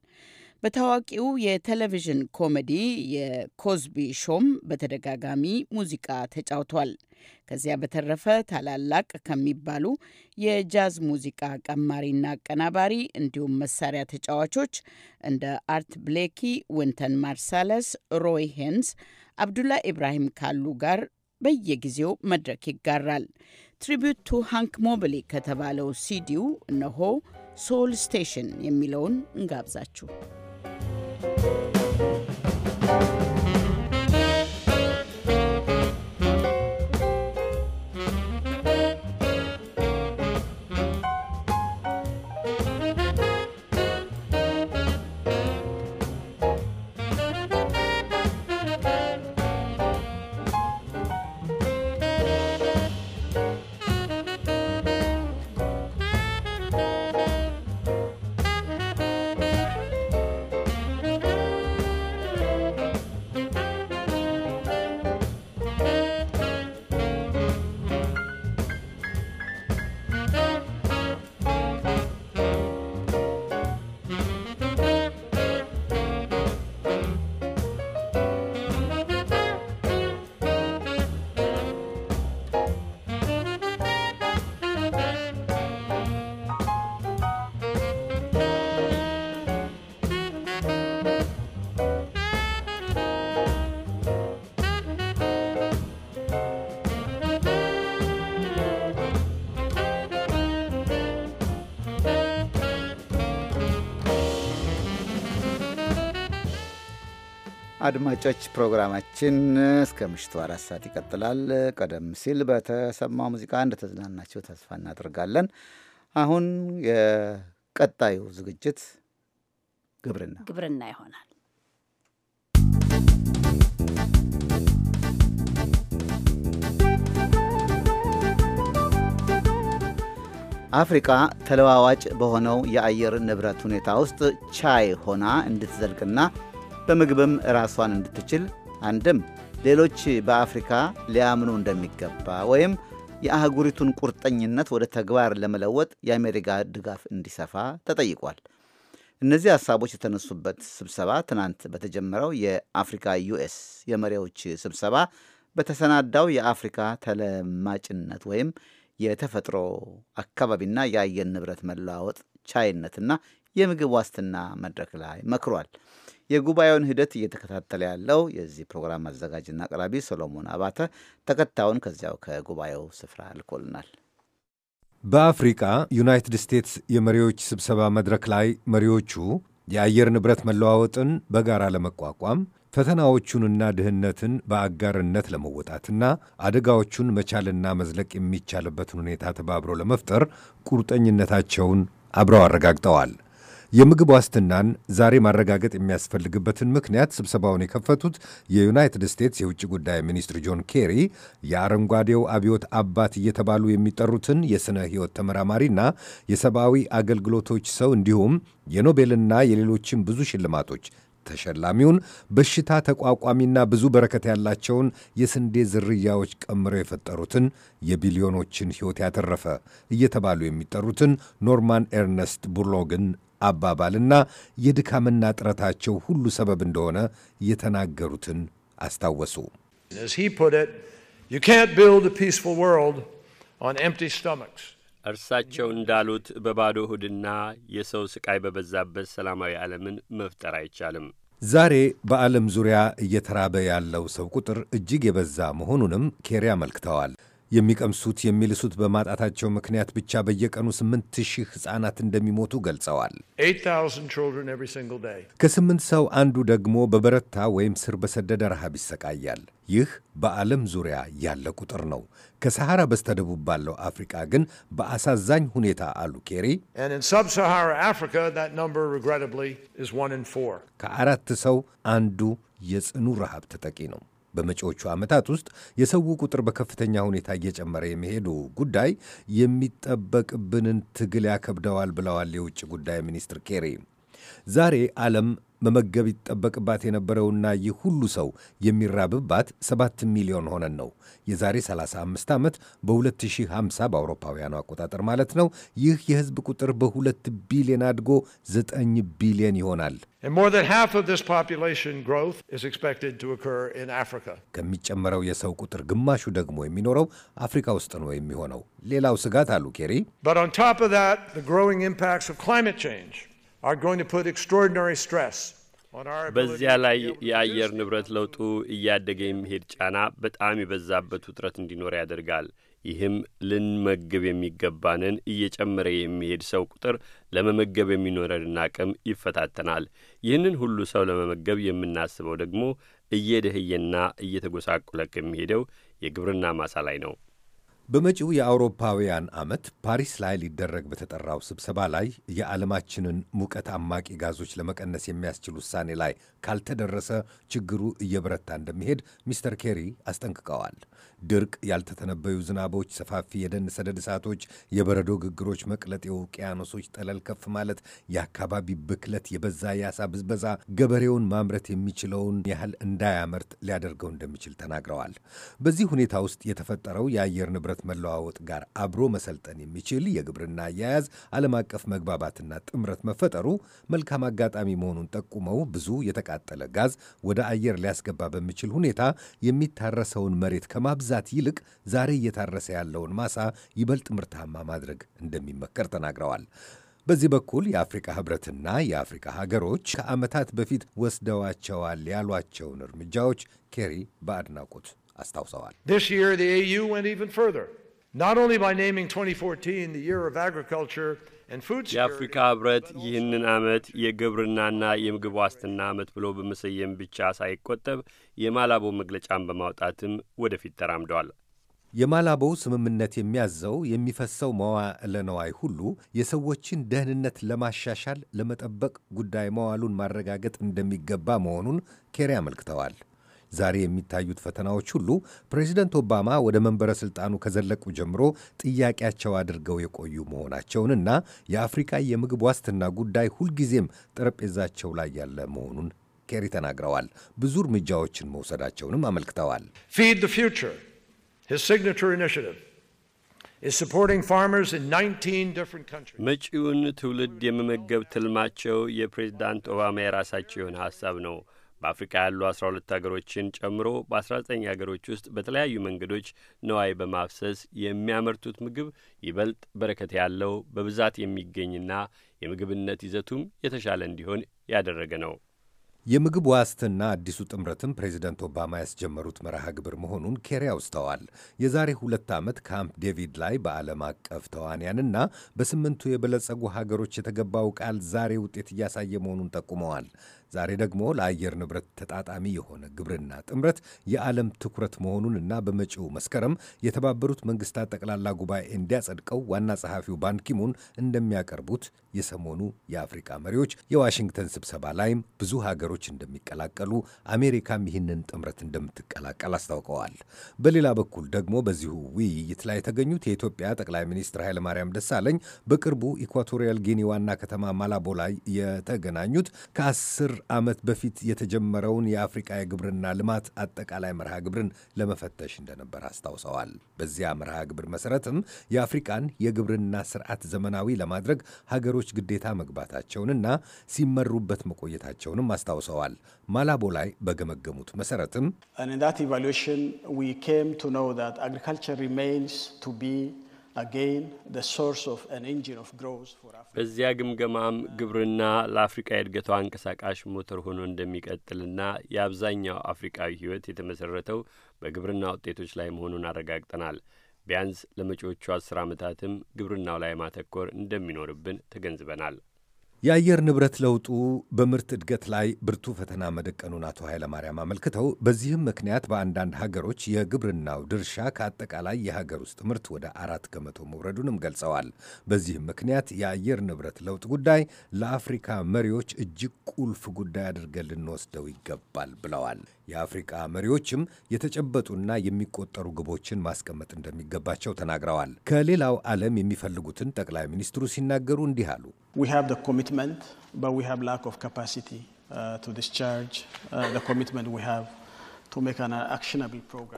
በታዋቂው የቴሌቪዥን ኮሜዲ የኮዝቢ ሾም በተደጋጋሚ ሙዚቃ ተጫውቷል። ከዚያ በተረፈ ታላላቅ ከሚባሉ የጃዝ ሙዚቃ ቀማሪና አቀናባሪ እንዲሁም መሳሪያ ተጫዋቾች እንደ አርት ብሌኪ፣ ዊንተን ማርሳለስ፣ ሮይ ሄንስ አብዱላ ኢብራሂም ካሉ ጋር በየጊዜው መድረክ ይጋራል። ትሪቢዩት ቱ ሃንክ ሞብሊ ከተባለው ሲዲው እነሆ ሶል ስቴሽን የሚለውን እንጋብዛችሁ። አድማጮች ፕሮግራማችን እስከ ምሽቱ አራት ሰዓት ይቀጥላል። ቀደም ሲል በተሰማው ሙዚቃ እንደተዝናናቸው ተስፋ እናደርጋለን። አሁን የቀጣዩ ዝግጅት ግብርና ግብርና ይሆናል። አፍሪቃ ተለዋዋጭ በሆነው የአየር ንብረት ሁኔታ ውስጥ ቻይ ሆና እንድትዘልቅና በምግብም ራሷን እንድትችል አንድም ሌሎች በአፍሪካ ሊያምኑ እንደሚገባ ወይም የአህጉሪቱን ቁርጠኝነት ወደ ተግባር ለመለወጥ የአሜሪካ ድጋፍ እንዲሰፋ ተጠይቋል። እነዚህ ሀሳቦች የተነሱበት ስብሰባ ትናንት በተጀመረው የአፍሪካ ዩኤስ የመሪዎች ስብሰባ በተሰናዳው የአፍሪካ ተለማጭነት ወይም የተፈጥሮ አካባቢና የአየር ንብረት መለዋወጥ ቻይነትና የምግብ ዋስትና መድረክ ላይ መክሯል። የጉባኤውን ሂደት እየተከታተለ ያለው የዚህ ፕሮግራም አዘጋጅና አቅራቢ ሶሎሞን አባተ ተከታዩን ከዚያው ከጉባኤው ስፍራ ልኮልናል። በአፍሪቃ ዩናይትድ ስቴትስ የመሪዎች ስብሰባ መድረክ ላይ መሪዎቹ የአየር ንብረት መለዋወጥን በጋራ ለመቋቋም ፈተናዎቹንና ድህነትን በአጋርነት ለመወጣትና አደጋዎቹን መቻልና መዝለቅ የሚቻልበትን ሁኔታ ተባብሮ ለመፍጠር ቁርጠኝነታቸውን አብረው አረጋግጠዋል። የምግብ ዋስትናን ዛሬ ማረጋገጥ የሚያስፈልግበትን ምክንያት ስብሰባውን የከፈቱት የዩናይትድ ስቴትስ የውጭ ጉዳይ ሚኒስትር ጆን ኬሪ የአረንጓዴው አብዮት አባት እየተባሉ የሚጠሩትን የሥነ ሕይወት ተመራማሪና የሰብአዊ አገልግሎቶች ሰው እንዲሁም የኖቤልና የሌሎችን ብዙ ሽልማቶች ተሸላሚውን በሽታ ተቋቋሚና ብዙ በረከት ያላቸውን የስንዴ ዝርያዎች ቀምረው የፈጠሩትን የቢሊዮኖችን ሕይወት ያተረፈ እየተባሉ የሚጠሩትን ኖርማን ኤርነስት ቡርሎግን አባባልና የድካምና ጥረታቸው ሁሉ ሰበብ እንደሆነ የተናገሩትን አስታወሱ። እርሳቸው እንዳሉት በባዶ ሆድና የሰው ስቃይ በበዛበት ሰላማዊ ዓለምን መፍጠር አይቻልም። ዛሬ በዓለም ዙሪያ እየተራበ ያለው ሰው ቁጥር እጅግ የበዛ መሆኑንም ኬሪ አመልክተዋል። የሚቀምሱት የሚልሱት በማጣታቸው ምክንያት ብቻ በየቀኑ ስምንት ሺህ ሕፃናት እንደሚሞቱ ገልጸዋል። ከስምንት ሰው አንዱ ደግሞ በበረታ ወይም ስር በሰደደ ረሃብ ይሰቃያል። ይህ በዓለም ዙሪያ ያለ ቁጥር ነው። ከሰሐራ በስተደቡብ ባለው አፍሪቃ ግን በአሳዛኝ ሁኔታ አሉ ኬሪ ከአራት ሰው አንዱ የጽኑ ረሃብ ተጠቂ ነው። በመጪዎቹ ዓመታት ውስጥ የሰው ቁጥር በከፍተኛ ሁኔታ እየጨመረ የሚሄዱ ጉዳይ የሚጠበቅብንን ትግል ያከብደዋል ብለዋል የውጭ ጉዳይ ሚኒስትር ኬሪ። ዛሬ ዓለም መመገብ ይጠበቅባት የነበረውና ይህ ሁሉ ሰው የሚራብባት 7 ሚሊዮን ሆነን ነው። የዛሬ 35 ዓመት በ2050 በአውሮፓውያኑ አቆጣጠር ማለት ነው። ይህ የህዝብ ቁጥር በ2 ቢሊዮን አድጎ 9 ቢሊዮን ይሆናል። ከሚጨመረው የሰው ቁጥር ግማሹ ደግሞ የሚኖረው አፍሪካ ውስጥ ነው የሚሆነው። ሌላው ስጋት አሉ ኬሪ በዚያ ላይ የአየር ንብረት ለውጡ እያደገ የሚሄድ ጫና በጣም የበዛበት ውጥረት እንዲኖር ያደርጋል። ይህም ልንመግብ የሚገባንን እየጨመረ የሚሄድ ሰው ቁጥር ለመመገብ የሚኖረንን አቅም ይፈታተናል። ይህንን ሁሉ ሰው ለመመገብ የምናስበው ደግሞ እየደህየና እየተጎሳቆለ ከሚሄደው የግብርና ማሳ ላይ ነው። በመጪው የአውሮፓውያን ዓመት ፓሪስ ላይ ሊደረግ በተጠራው ስብሰባ ላይ የዓለማችንን ሙቀት አማቂ ጋዞች ለመቀነስ የሚያስችል ውሳኔ ላይ ካልተደረሰ ችግሩ እየበረታ እንደሚሄድ ሚስተር ኬሪ አስጠንቅቀዋል። ድርቅ፣ ያልተተነበዩ ዝናቦች፣ ሰፋፊ የደን ሰደድ እሳቶች፣ የበረዶ ግግሮች መቅለጥ፣ የውቅያኖሶች ጠለል ከፍ ማለት፣ የአካባቢ ብክለት፣ የበዛ የአሳ ብዝበዛ ገበሬውን ማምረት የሚችለውን ያህል እንዳያመርት ሊያደርገው እንደሚችል ተናግረዋል። በዚህ ሁኔታ ውስጥ የተፈጠረው የአየር ንብረት መለዋወጥ ጋር አብሮ መሰልጠን የሚችል የግብርና አያያዝ ዓለም አቀፍ መግባባትና ጥምረት መፈጠሩ መልካም አጋጣሚ መሆኑን ጠቁመው ብዙ የተቃጠለ ጋዝ ወደ አየር ሊያስገባ በሚችል ሁኔታ የሚታረሰውን መሬት ከማ ከማብዛት ይልቅ ዛሬ እየታረሰ ያለውን ማሳ ይበልጥ ምርታማ ማድረግ እንደሚመከር ተናግረዋል። በዚህ በኩል የአፍሪካ ህብረትና የአፍሪካ ሀገሮች ከዓመታት በፊት ወስደዋቸዋል ያሏቸውን እርምጃዎች ኬሪ በአድናቆት አስታውሰዋል። This የአፍሪካ ህብረት ይህንን አመት የግብርናና የምግብ ዋስትና አመት ብሎ በመሰየም ብቻ ሳይቆጠብ የማላቦ መግለጫን በማውጣትም ወደፊት ተራምደዋል። የማላቦ ስምምነት የሚያዘው የሚፈሰው መዋዕለ ነዋይ ሁሉ የሰዎችን ደህንነት ለማሻሻል ለመጠበቅ ጉዳይ መዋሉን ማረጋገጥ እንደሚገባ መሆኑን ኬሪ አመልክተዋል። ዛሬ የሚታዩት ፈተናዎች ሁሉ ፕሬዚደንት ኦባማ ወደ መንበረ ሥልጣኑ ከዘለቁ ጀምሮ ጥያቄያቸው አድርገው የቆዩ መሆናቸውንና የአፍሪካ የምግብ ዋስትና ጉዳይ ሁልጊዜም ጠረጴዛቸው ላይ ያለ መሆኑን ኬሪ ተናግረዋል። ብዙ እርምጃዎችን መውሰዳቸውንም አመልክተዋል። ፊድ ዘ ፊውቸር ሂዝ ሲግኒቸር ኢኒሺየቲቭ መጪውን ትውልድ የመመገብ ትልማቸው የፕሬዝዳንት ኦባማ የራሳቸው የሆነ ሀሳብ ነው። በአፍሪካ ያሉ አስራ ሁለት ሀገሮችን ጨምሮ በ19 ሀገሮች ውስጥ በተለያዩ መንገዶች ነዋይ በማፍሰስ የሚያመርቱት ምግብ ይበልጥ በረከት ያለው በብዛት የሚገኝና የምግብነት ይዘቱም የተሻለ እንዲሆን ያደረገ ነው። የምግብ ዋስትና አዲሱ ጥምረትም ፕሬዚደንት ኦባማ ያስጀመሩት መርሃ ግብር መሆኑን ኬሪ አውስተዋል። የዛሬ ሁለት ዓመት ካምፕ ዴቪድ ላይ በዓለም አቀፍ ተዋንያንና በስምንቱ የበለጸጉ ሀገሮች የተገባው ቃል ዛሬ ውጤት እያሳየ መሆኑን ጠቁመዋል። ዛሬ ደግሞ ለአየር ንብረት ተጣጣሚ የሆነ ግብርና ጥምረት የዓለም ትኩረት መሆኑን እና በመጪው መስከረም የተባበሩት መንግስታት ጠቅላላ ጉባኤ እንዲያጸድቀው ዋና ጸሐፊው ባንኪሙን እንደሚያቀርቡት የሰሞኑ የአፍሪካ መሪዎች የዋሽንግተን ስብሰባ ላይም ብዙ ሀገሮች እንደሚቀላቀሉ፣ አሜሪካም ይህንን ጥምረት እንደምትቀላቀል አስታውቀዋል። በሌላ በኩል ደግሞ በዚሁ ውይይት ላይ የተገኙት የኢትዮጵያ ጠቅላይ ሚኒስትር ኃይለማርያም ደሳለኝ በቅርቡ ኢኳቶሪያል ጊኒ ዋና ከተማ ማላቦ ላይ የተገናኙት ከአስር ዓመት በፊት የተጀመረውን የአፍሪቃ የግብርና ልማት አጠቃላይ መርሃ ግብርን ለመፈተሽ እንደነበር አስታውሰዋል። በዚያ መርሃ ግብር መሰረትም የአፍሪቃን የግብርና ስርዓት ዘመናዊ ለማድረግ ሀገሮች ግዴታ መግባታቸውንና ሲመሩበት መቆየታቸውንም አስታውሰዋል። ማላቦ ላይ በገመገሙት መሠረትም በዚያ ግምገማም ግብርና ለአፍሪቃ የእድገቷ አንቀሳቃሽ ሞተር ሆኖ እንደሚቀጥልና የአብዛኛው አፍሪቃዊ ሕይወት የተመሰረተው በግብርና ውጤቶች ላይ መሆኑን አረጋግጠናል። ቢያንስ ለመጪዎቹ አስር ዓመታትም ግብርናው ላይ ማተኮር እንደሚኖርብን ተገንዝበናል። የአየር ንብረት ለውጡ በምርት እድገት ላይ ብርቱ ፈተና መደቀኑን አቶ ኃይለማርያም አመልክተው በዚህም ምክንያት በአንዳንድ ሀገሮች የግብርናው ድርሻ ከአጠቃላይ የሀገር ውስጥ ምርት ወደ አራት ከመቶ መውረዱንም ገልጸዋል። በዚህም ምክንያት የአየር ንብረት ለውጥ ጉዳይ ለአፍሪካ መሪዎች እጅግ ቁልፍ ጉዳይ አድርገን ልንወስደው ይገባል ብለዋል። የአፍሪቃ መሪዎችም የተጨበጡና የሚቆጠሩ ግቦችን ማስቀመጥ እንደሚገባቸው ተናግረዋል። ከሌላው ዓለም የሚፈልጉትን ጠቅላይ ሚኒስትሩ ሲናገሩ እንዲህ አሉ። ኮሚትመንት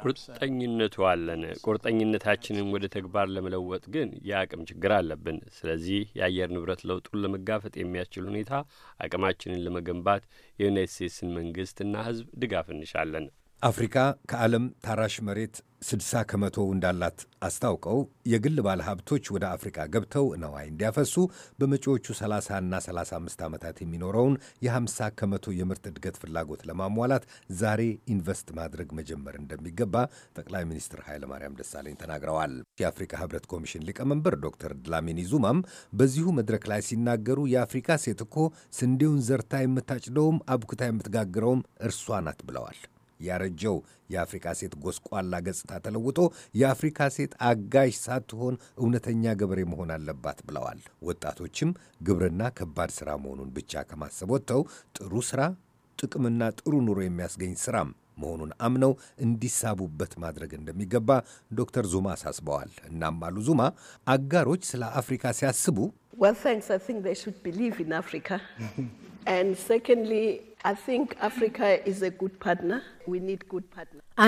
ቁርጠኝነቱ አለን። ቁርጠኝነታችንን ወደ ተግባር ለመለወጥ ግን የአቅም ችግር አለብን። ስለዚህ የአየር ንብረት ለውጡን ለመጋፈጥ የሚያስችል ሁኔታ አቅማችንን ለመገንባት የዩናይት ስቴትስን መንግስትና ህዝብ ድጋፍ እንሻለን። አፍሪካ ከዓለም ታራሽ መሬት 60 ከመቶ እንዳላት አስታውቀው የግል ባለሀብቶች ወደ አፍሪካ ገብተው ነዋይ እንዲያፈሱ በመጪዎቹ 30ና 35 ዓመታት የሚኖረውን የ50 ከመቶ የምርት እድገት ፍላጎት ለማሟላት ዛሬ ኢንቨስት ማድረግ መጀመር እንደሚገባ ጠቅላይ ሚኒስትር ኃይለማርያም ደሳለኝ ተናግረዋል። የአፍሪካ ህብረት ኮሚሽን ሊቀመንበር ዶክተር ድላሚኒ ዙማም በዚሁ መድረክ ላይ ሲናገሩ የአፍሪካ ሴት እኮ ስንዴውን ዘርታ የምታጭደውም አብኩታ የምትጋግረውም እርሷ ናት ብለዋል። ያረጀው የአፍሪካ ሴት ጎስቋላ ገጽታ ተለውጦ የአፍሪካ ሴት አጋዥ ሳትሆን እውነተኛ ገበሬ መሆን አለባት ብለዋል። ወጣቶችም ግብርና ከባድ ስራ መሆኑን ብቻ ከማሰብ ወጥተው ጥሩ ስራ ጥቅምና ጥሩ ኑሮ የሚያስገኝ ስራም መሆኑን አምነው እንዲሳቡበት ማድረግ እንደሚገባ ዶክተር ዙማ አሳስበዋል። እናም አሉ ዙማ አጋሮች ስለ አፍሪካ ሲያስቡ (laughs)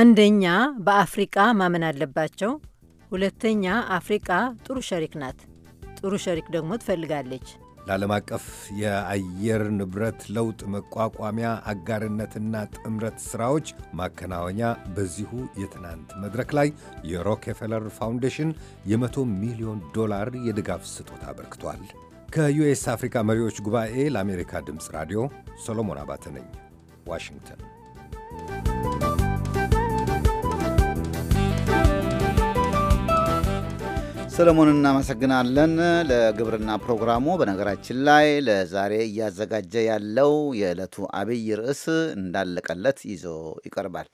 አንደኛ በአፍሪቃ ማመን አለባቸው። ሁለተኛ አፍሪቃ ጥሩ ሸሪክ ናት። ጥሩ ሸሪክ ደግሞ ትፈልጋለች። ለዓለም አቀፍ የአየር ንብረት ለውጥ መቋቋሚያ አጋርነትና ጥምረት ሥራዎች ማከናወኛ በዚሁ የትናንት መድረክ ላይ የሮኬፌለር ፋውንዴሽን የመቶ ሚሊዮን ዶላር የድጋፍ ስጦታ አበርክቷል። ከዩኤስ አፍሪካ መሪዎች ጉባኤ ለአሜሪካ ድምፅ ራዲዮ ሰሎሞን አባተ ነኝ፣ ዋሽንግተን። ሰሎሞን እናመሰግናለን ለግብርና ፕሮግራሙ። በነገራችን ላይ ለዛሬ እያዘጋጀ ያለው የዕለቱ አብይ ርዕስ እንዳለቀለት ይዞ ይቀርባል።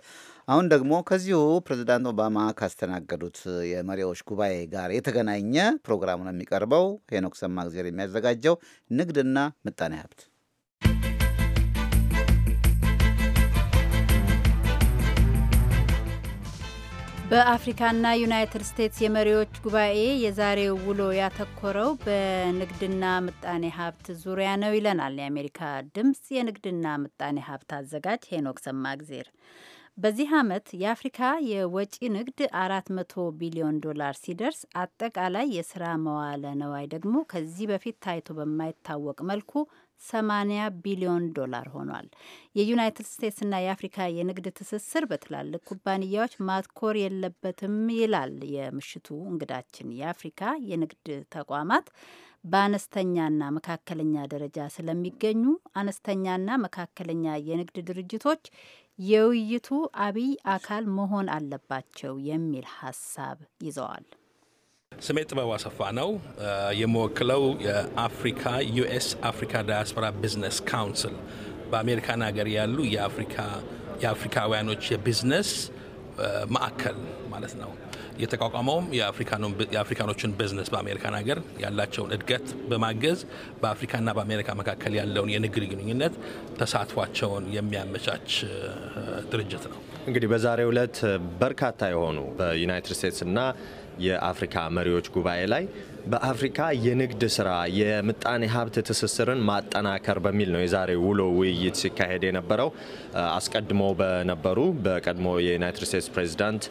አሁን ደግሞ ከዚሁ ፕሬዚዳንት ኦባማ ካስተናገዱት የመሪዎች ጉባኤ ጋር የተገናኘ ፕሮግራም ነው የሚቀርበው። ሄኖክ ሰማእግዜር የሚያዘጋጀው ንግድና ምጣኔ ሀብት በአፍሪካና ዩናይትድ ስቴትስ የመሪዎች ጉባኤ የዛሬው ውሎ ያተኮረው በንግድና ምጣኔ ሀብት ዙሪያ ነው ይለናል የአሜሪካ ድምፅ የንግድና ምጣኔ ሀብት አዘጋጅ ሄኖክ ሰማእግዜር። በዚህ ዓመት የአፍሪካ የወጪ ንግድ 400 ቢሊዮን ዶላር ሲደርስ አጠቃላይ የስራ መዋለ ነዋይ ደግሞ ከዚህ በፊት ታይቶ በማይታወቅ መልኩ 80 ቢሊዮን ዶላር ሆኗል። የዩናይትድ ስቴትስና የአፍሪካ የንግድ ትስስር በትላልቅ ኩባንያዎች ማትኮር የለበትም ይላል የምሽቱ እንግዳችን። የአፍሪካ የንግድ ተቋማት በአነስተኛና መካከለኛ ደረጃ ስለሚገኙ አነስተኛና መካከለኛ የንግድ ድርጅቶች የውይይቱ አብይ አካል መሆን አለባቸው የሚል ሀሳብ ይዘዋል። ስሜ ጥበብ አሰፋ ነው። የምወክለው የአፍሪካ ዩኤስ አፍሪካ ዳያስፖራ ቢዝነስ ካውንስል በአሜሪካን ሀገር ያሉ የአፍሪካውያኖች የቢዝነስ ማዕከል ማለት ነው። የተቋቋመውም የአፍሪካኖችን ቢዝነስ በአሜሪካን ሀገር ያላቸውን እድገት በማገዝ በአፍሪካና በአሜሪካ መካከል ያለውን የንግድ ግንኙነት ተሳትፏቸውን የሚያመቻች ድርጅት ነው። እንግዲህ በዛሬው ዕለት በርካታ የሆኑ በዩናይትድ ስቴትስና የአፍሪካ መሪዎች ጉባኤ ላይ በአፍሪካ የንግድ ስራ የምጣኔ ሀብት ትስስርን ማጠናከር በሚል ነው የዛሬ ውሎ ውይይት ሲካሄድ የነበረው። አስቀድሞ በነበሩ በቀድሞ የዩናይትድ ስቴትስ ፕሬዚዳንት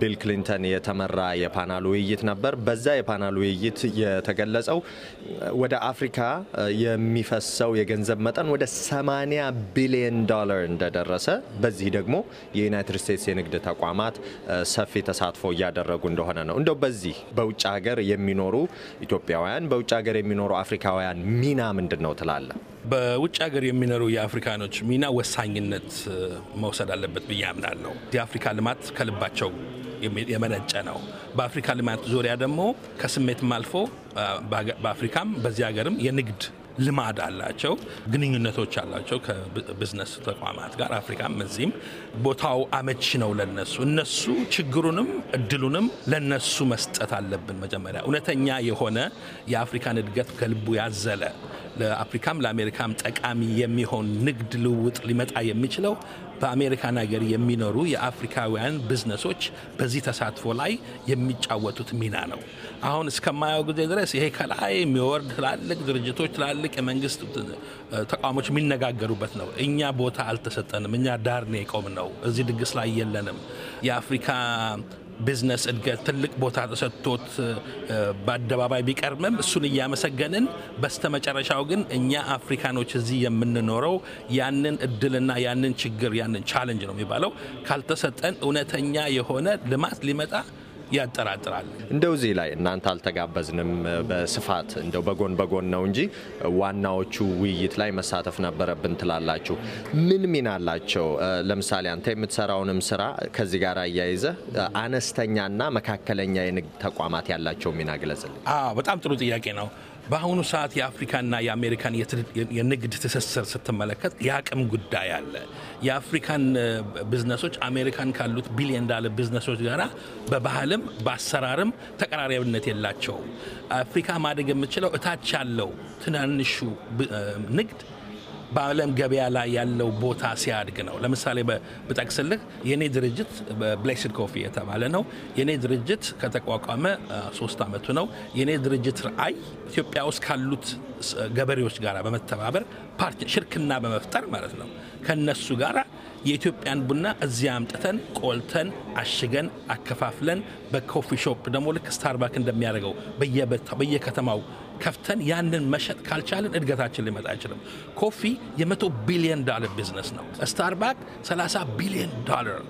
ቢል ክሊንተን የተመራ የፓናል ውይይት ነበር። በዛ የፓናል ውይይት የተገለጸው ወደ አፍሪካ የሚፈሰው የገንዘብ መጠን ወደ 80 ቢሊዮን ዶላር እንደደረሰ፣ በዚህ ደግሞ የዩናይትድ ስቴትስ የንግድ ተቋማት ሰፊ ተሳትፎ እያደረጉ እንደሆነ ነው። እንደው በዚህ በውጭ ሀገር የሚኖሩ ኢትዮጵያውያን በውጭ ሀገር የሚኖሩ አፍሪካውያን ሚና ምንድን ነው ትላለህ? በውጭ ሀገር የሚኖሩ የአፍሪካኖች ሚና ወሳኝነት መውሰድ አለበት ብዬ አምናለሁ። የአፍሪካ ልማት ከልባቸው የመነጨ ነው። በአፍሪካ ልማት ዙሪያ ደግሞ ከስሜትም አልፎ በአፍሪካም በዚህ ሀገርም የንግድ ልማድ አላቸው፣ ግንኙነቶች አላቸው ከቢዝነስ ተቋማት ጋር አፍሪካም፣ እዚህም ቦታው አመቺ ነው ለነሱ። እነሱ ችግሩንም እድሉንም ለነሱ መስጠት አለብን። መጀመሪያ እውነተኛ የሆነ የአፍሪካን እድገት ከልቡ ያዘለ ለአፍሪካም ለአሜሪካም ጠቃሚ የሚሆን ንግድ ልውውጥ ሊመጣ የሚችለው በአሜሪካን ሀገር የሚኖሩ የአፍሪካውያን ቢዝነሶች በዚህ ተሳትፎ ላይ የሚጫወቱት ሚና ነው። አሁን እስከማየው ጊዜ ድረስ ይሄ ከላይ የሚወርድ ትላልቅ ድርጅቶች፣ ትላልቅ የመንግስት ተቋሞች የሚነጋገሩበት ነው። እኛ ቦታ አልተሰጠንም፣ እኛ ዳር ነው የቆምነው፣ እዚህ ድግስ ላይ የለንም። የአፍሪካ ቢዝነስ እድገት ትልቅ ቦታ ተሰጥቶት በአደባባይ ቢቀርምም እሱን እያመሰገንን በስተመጨረሻው ግን እኛ አፍሪካኖች እዚህ የምንኖረው ያንን እድልና ያንን ችግር ያንን ቻለንጅ ነው የሚባለው ካልተሰጠን እውነተኛ የሆነ ልማት ሊመጣ ያጠራጥራል። እንደው እዚህ ላይ እናንተ አልተጋበዝንም በስፋት እንደው በጎን በጎን ነው እንጂ ዋናዎቹ ውይይት ላይ መሳተፍ ነበረብን ትላላችሁ። ምን ሚና አላቸው? ለምሳሌ አንተ የምትሰራውንም ስራ ከዚህ ጋር አያይዘ አነስተኛና መካከለኛ የንግድ ተቋማት ያላቸው ሚና ግለጽልኝ። በጣም ጥሩ ጥያቄ ነው። በአሁኑ ሰዓት የአፍሪካና የአሜሪካን የንግድ ትስስር ስትመለከት የአቅም ጉዳይ አለ። የአፍሪካን ቢዝነሶች አሜሪካን ካሉት ቢሊዮን ዳለር ቢዝነሶች ጋር በባህልም በአሰራርም ተቀራሪያዊነት የላቸውም። አፍሪካ ማደግ የምችለው እታች ያለው ትናንሹ ንግድ በዓለም ገበያ ላይ ያለው ቦታ ሲያድግ ነው። ለምሳሌ ብጠቅስልህ የኔ ድርጅት ብሌክስድ ኮፊ የተባለ ነው። የኔ ድርጅት ከተቋቋመ ሶስት ዓመቱ ነው። የኔ ድርጅት ራዕይ ኢትዮጵያ ውስጥ ካሉት ገበሬዎች ጋር በመተባበር ፓርቲ ሽርክና በመፍጠር ማለት ነው ከነሱ ጋር የኢትዮጵያን ቡና እዚያ አምጥተን ቆልተን አሽገን አከፋፍለን በኮፊ ሾፕ ደግሞ ልክ ስታርባክ እንደሚያደርገው በየከተማው ከፍተን ያንን መሸጥ ካልቻልን እድገታችን ሊመጣ አይችልም። ኮፊ የመቶ ቢሊዮን ዳለር ቢዝነስ ነው። ስታርባክ 30 ቢሊዮን ዳለር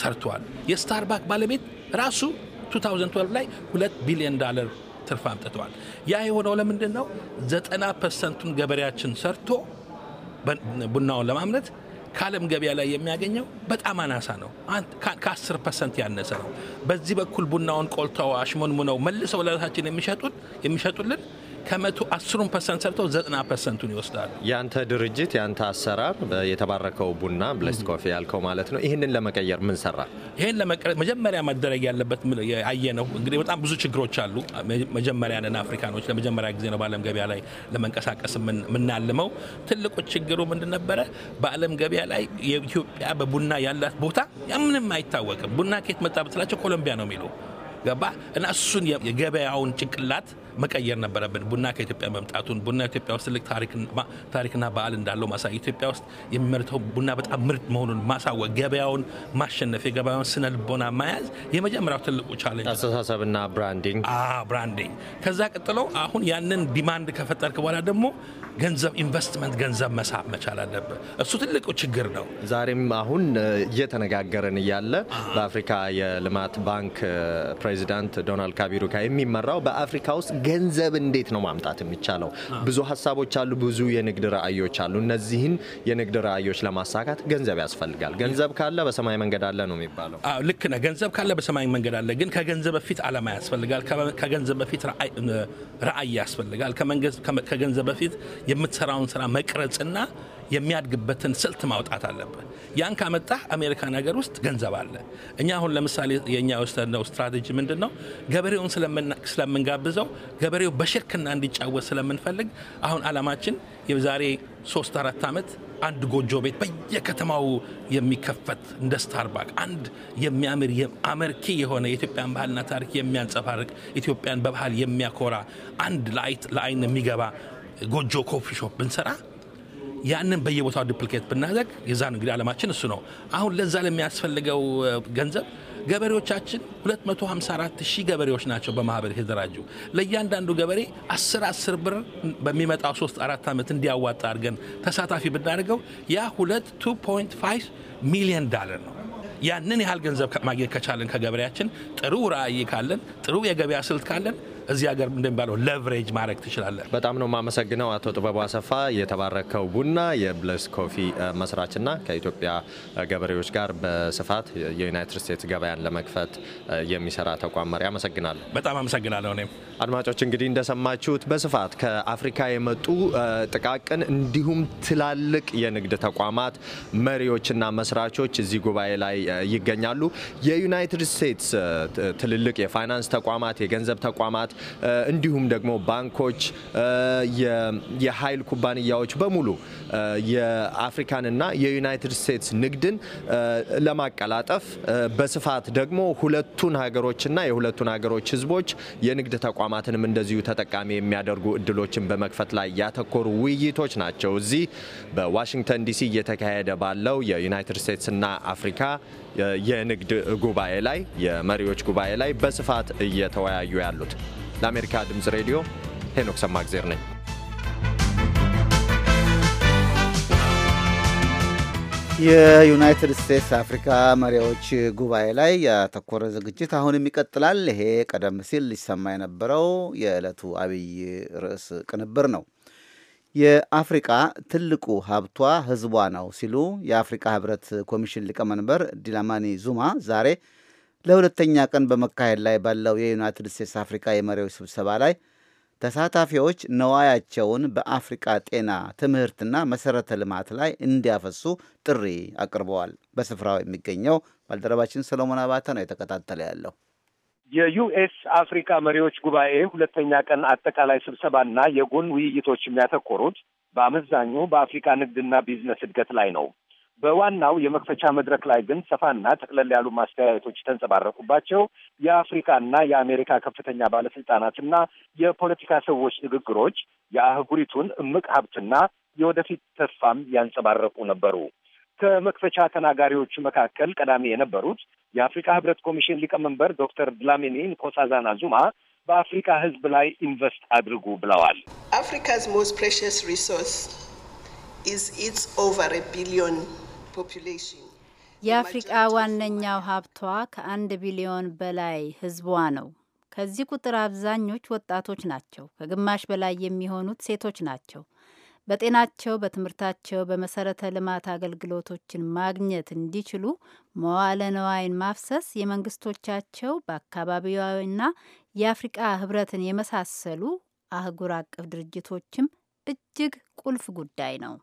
ሰርቷል። የስታርባክ ባለቤት ራሱ 2012 ላይ 2 ቢሊዮን ዳለር ትርፍ አምጥተዋል። ያ የሆነው ለምንድን ነው? 90 ፐርሰንቱን ገበሬያችን ሰርቶ ቡናውን ለማምረት ከዓለም ገበያ ላይ የሚያገኘው በጣም አናሳ ነው። ከ10 ፐርሰንት ያነሰ ነው። በዚህ በኩል ቡናውን ቆልተው አሽሞንሙነው መልሰው ለራሳችን የሚሸጡልን ከመቶ አስሩን ፐርሰንት ሰርተው ዘጠና ፐርሰንቱን ይወስዳሉ። ያንተ ድርጅት ያንተ አሰራር የተባረከው ቡና ብለስት ኮፊ ያልከው ማለት ነው። ይህንን ለመቀየር ምን ሰራ? ይህን ለመቀየር መጀመሪያ መደረግ ያለበት አየ ነው እንግዲህ በጣም ብዙ ችግሮች አሉ። መጀመሪያ ነን አፍሪካኖች ለመጀመሪያ ጊዜ ነው በዓለም ገበያ ላይ ለመንቀሳቀስ የምናልመው። ትልቁ ችግሩ ምንድን ነበረ? በዓለም ገበያ ላይ የኢትዮጵያ በቡና ያላት ቦታ ምንም አይታወቅም። ቡና ከየት መጣ ብትላቸው ኮሎምቢያ ነው የሚሉ ገባ እና እሱን የገበያውን ጭንቅላት መቀየር ነበረብን። ቡና ከኢትዮጵያ መምጣቱን ቡና ኢትዮጵያ ውስጥ ትልቅ ታሪክና በዓል እንዳለው ማሳ ኢትዮጵያ ውስጥ የሚመርተው ቡና በጣም ምርጥ መሆኑን ማሳወቅ፣ ገበያውን ማሸነፍ፣ የገበያውን ስነ ልቦና መያዝ የመጀመሪያው ትልቁ ቻለንጅ አስተሳሰብና ብራንዲንግ ብራንዲንግ። ከዛ ቀጥሎ አሁን ያንን ዲማንድ ከፈጠርክ በኋላ ደግሞ ገንዘብ ኢንቨስትመንት፣ ገንዘብ መሳብ መቻል አለብህ። እሱ ትልቁ ችግር ነው። ዛሬም አሁን እየተነጋገርን እያለ በአፍሪካ የልማት ባንክ ፕሬዚዳንት ዶናልድ ካቢሩካ የሚመራው በአፍሪካ ውስጥ ገንዘብ እንዴት ነው ማምጣት የሚቻለው? ብዙ ሀሳቦች አሉ፣ ብዙ የንግድ ራዕዮች አሉ። እነዚህን የንግድ ራዕዮች ለማሳካት ገንዘብ ያስፈልጋል። ገንዘብ ካለ በሰማይ መንገድ አለ ነው የሚባለው። ልክ ነህ። ገንዘብ ካለ በሰማይ መንገድ አለ። ግን ከገንዘብ በፊት አላማ ያስፈልጋል። ከገንዘብ በፊት ራዕይ ያስፈልጋል። ከገንዘብ በፊት የምትሰራውን ስራ መቅረጽና የሚያድግበትን ስልት ማውጣት አለብህ። ያን ካመጣህ አሜሪካን ሀገር ውስጥ ገንዘብ አለ። እኛ አሁን ለምሳሌ የእኛ የወሰድነው ስትራቴጂ ምንድን ነው? ገበሬውን ስለምንጋብዘው ገበሬው በሽርክና እንዲጫወት ስለምንፈልግ አሁን አላማችን የዛሬ ሶስት አራት ዓመት አንድ ጎጆ ቤት በየከተማው የሚከፈት እንደ ስታርባክ አንድ የሚያምር አመርኪ የሆነ የኢትዮጵያን ባህልና ታሪክ የሚያንጸባርቅ ኢትዮጵያን በባህል የሚያኮራ አንድ ለአይን የሚገባ ጎጆ ኮፊ ሾፕ ብንሰራ ያንን በየቦታው ዱፕሊኬት ብናደርግ የዛን እንግዲህ ዓለማችን እሱ ነው። አሁን ለዛ ለሚያስፈልገው ገንዘብ ገበሬዎቻችን 254 ሺህ ገበሬዎች ናቸው በማህበር የተደራጁ። ለእያንዳንዱ ገበሬ 10 10 ብር በሚመጣው 3 4 ዓመት እንዲያዋጣ አድርገን ተሳታፊ ብናደርገው ያ 2.5 ሚሊዮን ዳለር ነው። ያንን ያህል ገንዘብ ማግኘት ከቻለን ከገበሬያችን ጥሩ ራዕይ ካለን ጥሩ የገበያ ስልት ካለን እዚህ ሀገር እንደሚባለው ለቨሬጅ ማድረግ ትችላለን። በጣም ነው የማመሰግነው አቶ ጥበቡ አሰፋ የተባረከው ቡና የብለስ ኮፊ መስራችና ከኢትዮጵያ ገበሬዎች ጋር በስፋት የዩናይትድ ስቴትስ ገበያን ለመክፈት የሚሰራ ተቋም መሪ። አመሰግናለሁ። በጣም አመሰግናለሁ። እኔም አድማጮች እንግዲህ እንደሰማችሁት በስፋት ከአፍሪካ የመጡ ጥቃቅን እንዲሁም ትላልቅ የንግድ ተቋማት መሪዎችና መስራቾች እዚህ ጉባኤ ላይ ይገኛሉ። የዩናይትድ ስቴትስ ትልልቅ የፋይናንስ ተቋማት፣ የገንዘብ ተቋማት እንዲሁም ደግሞ ባንኮች፣ የኃይል ኩባንያዎች በሙሉ የአፍሪካንና የዩናይትድ ስቴትስ ንግድን ለማቀላጠፍ በስፋት ደግሞ ሁለቱን ሀገሮችና የሁለቱን ሀገሮች ህዝቦች የንግድ ተቋማትንም እንደዚሁ ተጠቃሚ የሚያደርጉ እድሎችን በመክፈት ላይ ያተኮሩ ውይይቶች ናቸው እዚህ በዋሽንግተን ዲሲ እየተካሄደ ባለው የዩናይትድ ስቴትስና አፍሪካ የንግድ ጉባኤ ላይ የመሪዎች ጉባኤ ላይ በስፋት እየተወያዩ ያሉት። ለአሜሪካ ድምፅ ሬዲዮ ሄኖክ ሰማግዜር ነኝ። የዩናይትድ ስቴትስ አፍሪካ መሪዎች ጉባኤ ላይ ያተኮረ ዝግጅት አሁንም ይቀጥላል። ይሄ ቀደም ሲል ሊሰማ የነበረው የዕለቱ አብይ ርዕስ ቅንብር ነው። የአፍሪቃ ትልቁ ሀብቷ ህዝቧ ነው ሲሉ የአፍሪካ ህብረት ኮሚሽን ሊቀመንበር ዲላማኒ ዙማ ዛሬ ለሁለተኛ ቀን በመካሄድ ላይ ባለው የዩናይትድ ስቴትስ አፍሪካ የመሪዎች ስብሰባ ላይ ተሳታፊዎች ነዋያቸውን በአፍሪቃ ጤና፣ ትምህርትና መሠረተ ልማት ላይ እንዲያፈሱ ጥሪ አቅርበዋል። በስፍራው የሚገኘው ባልደረባችን ሰሎሞን አባተ ነው የተከታተለ ያለው። የዩኤስ አፍሪካ መሪዎች ጉባኤ ሁለተኛ ቀን አጠቃላይ ስብሰባና የጎን ውይይቶች የሚያተኮሩት በአመዛኙ በአፍሪካ ንግድና ቢዝነስ እድገት ላይ ነው። በዋናው የመክፈቻ መድረክ ላይ ግን ሰፋና ጠቅለል ያሉ ማስተያየቶች የተንጸባረቁባቸው የአፍሪካና የአሜሪካ ከፍተኛ ባለስልጣናትና የፖለቲካ ሰዎች ንግግሮች የአህጉሪቱን እምቅ ሀብትና የወደፊት ተስፋም ያንጸባረቁ ነበሩ። ከመክፈቻ ተናጋሪዎቹ መካከል ቀዳሚ የነበሩት የአፍሪካ ህብረት ኮሚሽን ሊቀመንበር ዶክተር ድላሚኒ ንኮሳዛና ዙማ በአፍሪካ ህዝብ ላይ ኢንቨስት አድርጉ ብለዋል። አፍሪካስ ሞስት ፕሬሽስ ሪሶርስ የአፍሪቃ ዋነኛው ሀብቷ ከአንድ ቢሊዮን በላይ ህዝቧ ነው። ከዚህ ቁጥር አብዛኞች ወጣቶች ናቸው። ከግማሽ በላይ የሚሆኑት ሴቶች ናቸው። በጤናቸው፣ በትምህርታቸው፣ በመሰረተ ልማት አገልግሎቶችን ማግኘት እንዲችሉ መዋለ ነዋይን ማፍሰስ የመንግስቶቻቸው በአካባቢያዊና የአፍሪቃ ህብረትን የመሳሰሉ አህጉር አቀፍ ድርጅቶችም እጅግ ቁልፍ ጉዳይ ነው።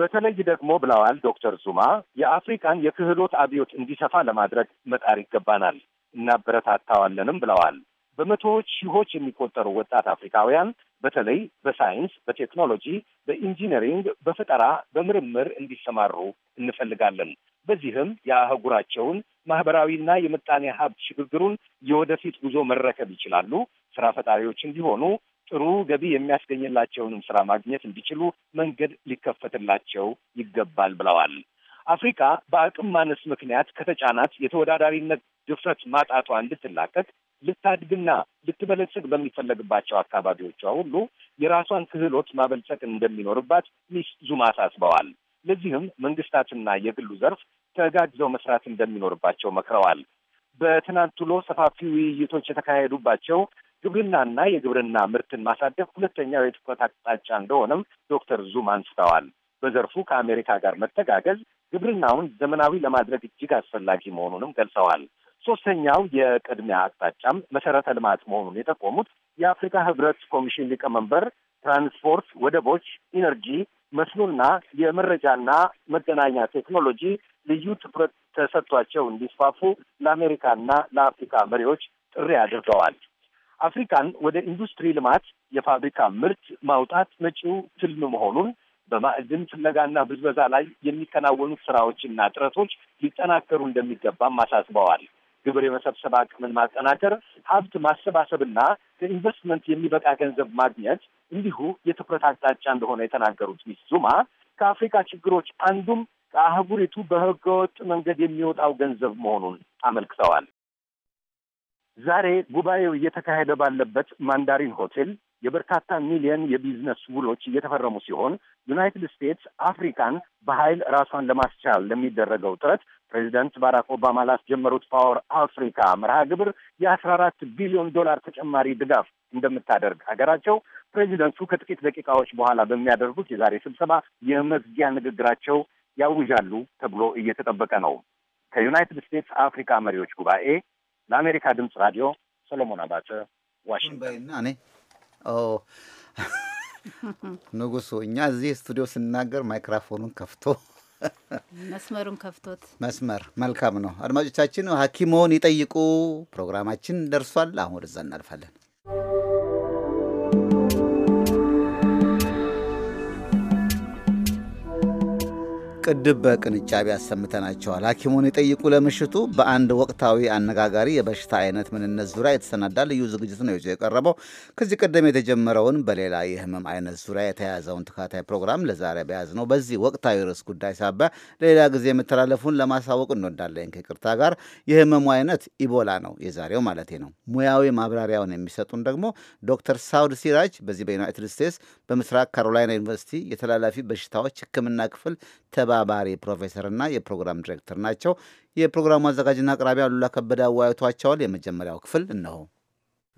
በተለይ ደግሞ ብለዋል ዶክተር ዙማ የአፍሪካን የክህሎት አብዮት እንዲሰፋ ለማድረግ መጣር ይገባናል፣ እናበረታታዋለንም ብለዋል። በመቶዎች ሺዎች የሚቆጠሩ ወጣት አፍሪካውያን በተለይ በሳይንስ፣ በቴክኖሎጂ፣ በኢንጂነሪንግ፣ በፈጠራ፣ በምርምር እንዲሰማሩ እንፈልጋለን። በዚህም የአህጉራቸውን ማህበራዊና የምጣኔ ሀብት ሽግግሩን የወደፊት ጉዞ መረከብ ይችላሉ፣ ስራ ፈጣሪዎች እንዲሆኑ ጥሩ ገቢ የሚያስገኝላቸውንም ስራ ማግኘት እንዲችሉ መንገድ ሊከፈትላቸው ይገባል ብለዋል። አፍሪካ በአቅም ማነስ ምክንያት ከተጫናት የተወዳዳሪነት ድፍረት ማጣቷ እንድትላቀቅ ልታድግና ልትበለጽግ በሚፈለግባቸው አካባቢዎቿ ሁሉ የራሷን ክህሎት ማበልጸግ እንደሚኖርባት ሚስ ዙማ አሳስበዋል። ለዚህም መንግስታትና የግሉ ዘርፍ ተጋግዘው መስራት እንደሚኖርባቸው መክረዋል። በትናንት ውሎ ሰፋፊ ውይይቶች የተካሄዱባቸው ግብርናና የግብርና ምርትን ማሳደግ ሁለተኛው የትኩረት አቅጣጫ እንደሆነም ዶክተር ዙም አንስተዋል። በዘርፉ ከአሜሪካ ጋር መተጋገዝ ግብርናውን ዘመናዊ ለማድረግ እጅግ አስፈላጊ መሆኑንም ገልጸዋል። ሶስተኛው የቅድሚያ አቅጣጫም መሰረተ ልማት መሆኑን የጠቆሙት የአፍሪካ ህብረት ኮሚሽን ሊቀመንበር ትራንስፖርት፣ ወደቦች፣ ኢነርጂ፣ መስኖና የመረጃና መገናኛ ቴክኖሎጂ ልዩ ትኩረት ተሰጥቷቸው እንዲስፋፉ ለአሜሪካና ለአፍሪካ መሪዎች ጥሪ አድርገዋል። አፍሪካን ወደ ኢንዱስትሪ ልማት የፋብሪካ ምርት ማውጣት መጪው ትልም መሆኑን በማዕድን ፍለጋና ብዝበዛ ላይ የሚከናወኑት ስራዎችና ጥረቶች ሊጠናከሩ እንደሚገባም አሳስበዋል። ግብር የመሰብሰብ አቅምን ማጠናከር፣ ሀብት ማሰባሰብና ለኢንቨስትመንት የሚበቃ ገንዘብ ማግኘት እንዲሁ የትኩረት አቅጣጫ እንደሆነ የተናገሩት ሚስ ዙማ ከአፍሪካ ችግሮች አንዱም ከአህጉሪቱ በህገወጥ መንገድ የሚወጣው ገንዘብ መሆኑን አመልክተዋል። ዛሬ ጉባኤው እየተካሄደ ባለበት ማንዳሪን ሆቴል የበርካታ ሚሊየን የቢዝነስ ውሎች እየተፈረሙ ሲሆን ዩናይትድ ስቴትስ አፍሪካን በኃይል ራሷን ለማስቻል ለሚደረገው ጥረት ፕሬዚደንት ባራክ ኦባማ ላስጀመሩት ፓወር አፍሪካ መርሃ ግብር የአስራ አራት ቢሊዮን ዶላር ተጨማሪ ድጋፍ እንደምታደርግ ሀገራቸው ፕሬዚደንቱ ከጥቂት ደቂቃዎች በኋላ በሚያደርጉት የዛሬ ስብሰባ የመዝጊያ ንግግራቸው ያውዣሉ ተብሎ እየተጠበቀ ነው። ከዩናይትድ ስቴትስ አፍሪካ መሪዎች ጉባኤ ለአሜሪካ ድምፅ ራዲዮ ሰሎሞን አባተ ዋሽንግተን። (laughs) ንጉሱ፣ እኛ እዚህ ስቱዲዮ ስናገር ማይክራፎኑን ከፍቶ (laughs) መስመሩን ከፍቶት መስመር መልካም ነው። አድማጮቻችን ሐኪሞን ይጠይቁ ፕሮግራማችን ደርሷል። አሁን ወደዛ እናልፋለን። ቅድብ በቅንጫቤ አሰምተናቸዋል። ሐኪሙን ይጠይቁ ለምሽቱ በአንድ ወቅታዊ አነጋጋሪ የበሽታ አይነት ምንነት ዙሪያ የተሰናዳ ልዩ ዝግጅት ነው ይዞ የቀረበው። ከዚህ ቀደም የተጀመረውን በሌላ የህመም አይነት ዙሪያ የተያዘውን ተካታይ ፕሮግራም ለዛሬ በያዝ ነው በዚህ ወቅታዊ ርዕስ ጉዳይ ሳቢያ ሌላ ጊዜ የምተላለፉን ለማሳወቅ እንወዳለን። ከቅርታ ጋር የህመሙ አይነት ኢቦላ ነው የዛሬው ማለት ነው። ሙያዊ ማብራሪያውን የሚሰጡን ደግሞ ዶክተር ሳውድ ሲራጅ በዚህ በዩናይትድ ስቴትስ በምስራቅ ካሮላይና ዩኒቨርሲቲ የተላላፊ በሽታዎች ህክምና ክፍል ተባባሪ ፕሮፌሰርና የፕሮግራም ዲሬክተር ናቸው። የፕሮግራሙ አዘጋጅና አቅራቢ አሉላ ከበደ አወያይቷቸዋል። የመጀመሪያው ክፍል እነሆ።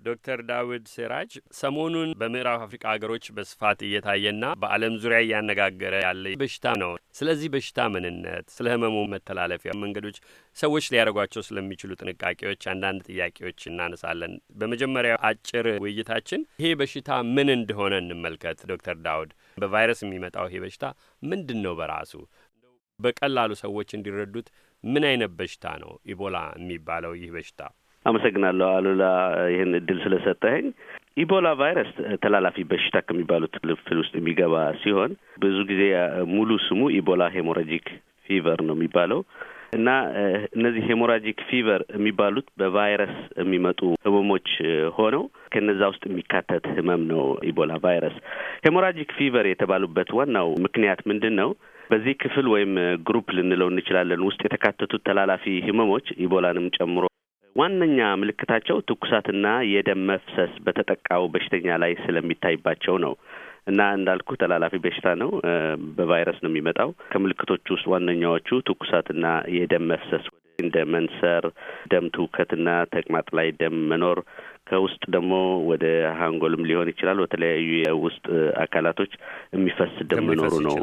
ዶክተር ዳዊድ ሴራጅ ሰሞኑን በምዕራብ አፍሪካ ሀገሮች በስፋት እየታየና በዓለም ዙሪያ እያነጋገረ ያለ በሽታ ነው። ስለዚህ በሽታ ምንነት፣ ስለ ህመሙ መተላለፊያ መንገዶች፣ ሰዎች ሊያደርጓቸው ስለሚችሉ ጥንቃቄዎች አንዳንድ ጥያቄዎች እናነሳለን። በመጀመሪያ አጭር ውይይታችን ይሄ በሽታ ምን እንደሆነ እንመልከት። ዶክተር ዳውድ በቫይረስ የሚመጣው ይሄ በሽታ ምንድን ነው? በራሱ በቀላሉ ሰዎች እንዲረዱት ምን አይነት በሽታ ነው ኢቦላ የሚባለው ይህ በሽታ? አመሰግናለሁ አሉላ ይህን እድል ስለሰጠኸኝ። ኢቦላ ቫይረስ ተላላፊ በሽታ ከሚባሉት ልፍል ውስጥ የሚገባ ሲሆን ብዙ ጊዜ ሙሉ ስሙ ኢቦላ ሄሞራጂክ ፊቨር ነው የሚባለው እና እነዚህ ሄሞራጂክ ፊቨር የሚባሉት በቫይረስ የሚመጡ ህመሞች ሆነው ከነዛ ውስጥ የሚካተት ህመም ነው ኢቦላ ቫይረስ። ሄሞራጂክ ፊቨር የተባሉበት ዋናው ምክንያት ምንድን ነው? በዚህ ክፍል ወይም ግሩፕ ልንለው እንችላለን ውስጥ የተካተቱት ተላላፊ ህመሞች ኢቦላንም ጨምሮ ዋነኛ ምልክታቸው ትኩሳትና የደም መፍሰስ በተጠቃው በሽተኛ ላይ ስለሚታይባቸው ነው። እና እንዳልኩ ተላላፊ በሽታ ነው። በቫይረስ ነው የሚመጣው። ከምልክቶቹ ውስጥ ዋነኛዎቹ ትኩሳትና የደም መፍሰስ እንደ መንሰር፣ ደም ትውከትና ተቅማጥ ላይ ደም መኖር ከውስጥ ደግሞ ወደ ሀንጎልም ሊሆን ይችላል። በተለያዩ የውስጥ አካላቶች የሚፈስ ደም መኖሩ ነው።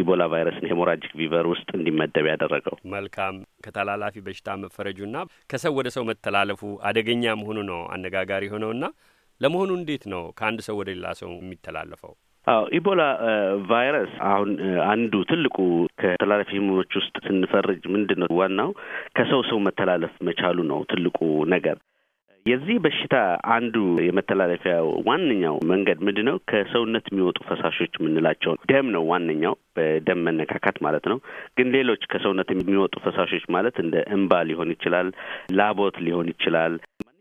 ኢቦላ ቫይረስን ሄሞራጂክ ቪቨር ውስጥ እንዲመደብ ያደረገው። መልካም ከተላላፊ በሽታ መፈረጁና ከሰው ወደ ሰው መተላለፉ አደገኛ መሆኑ ነው አነጋጋሪ ሆነውና ለመሆኑ እንዴት ነው ከአንድ ሰው ወደ ሌላ ሰው የሚተላለፈው? አዎ ኢቦላ ቫይረስ አሁን አንዱ ትልቁ ከተላላፊ ህመሞች ውስጥ ስንፈርጅ ምንድን ነው ዋናው ከሰው ሰው መተላለፍ መቻሉ ነው ትልቁ ነገር። የዚህ በሽታ አንዱ የመተላለፊያ ዋነኛው መንገድ ምንድ ነው? ከሰውነት የሚወጡ ፈሳሾች የምንላቸው ደም ነው ዋነኛው፣ በደም መነካካት ማለት ነው። ግን ሌሎች ከሰውነት የሚወጡ ፈሳሾች ማለት እንደ እንባ ሊሆን ይችላል፣ ላቦት ሊሆን ይችላል፣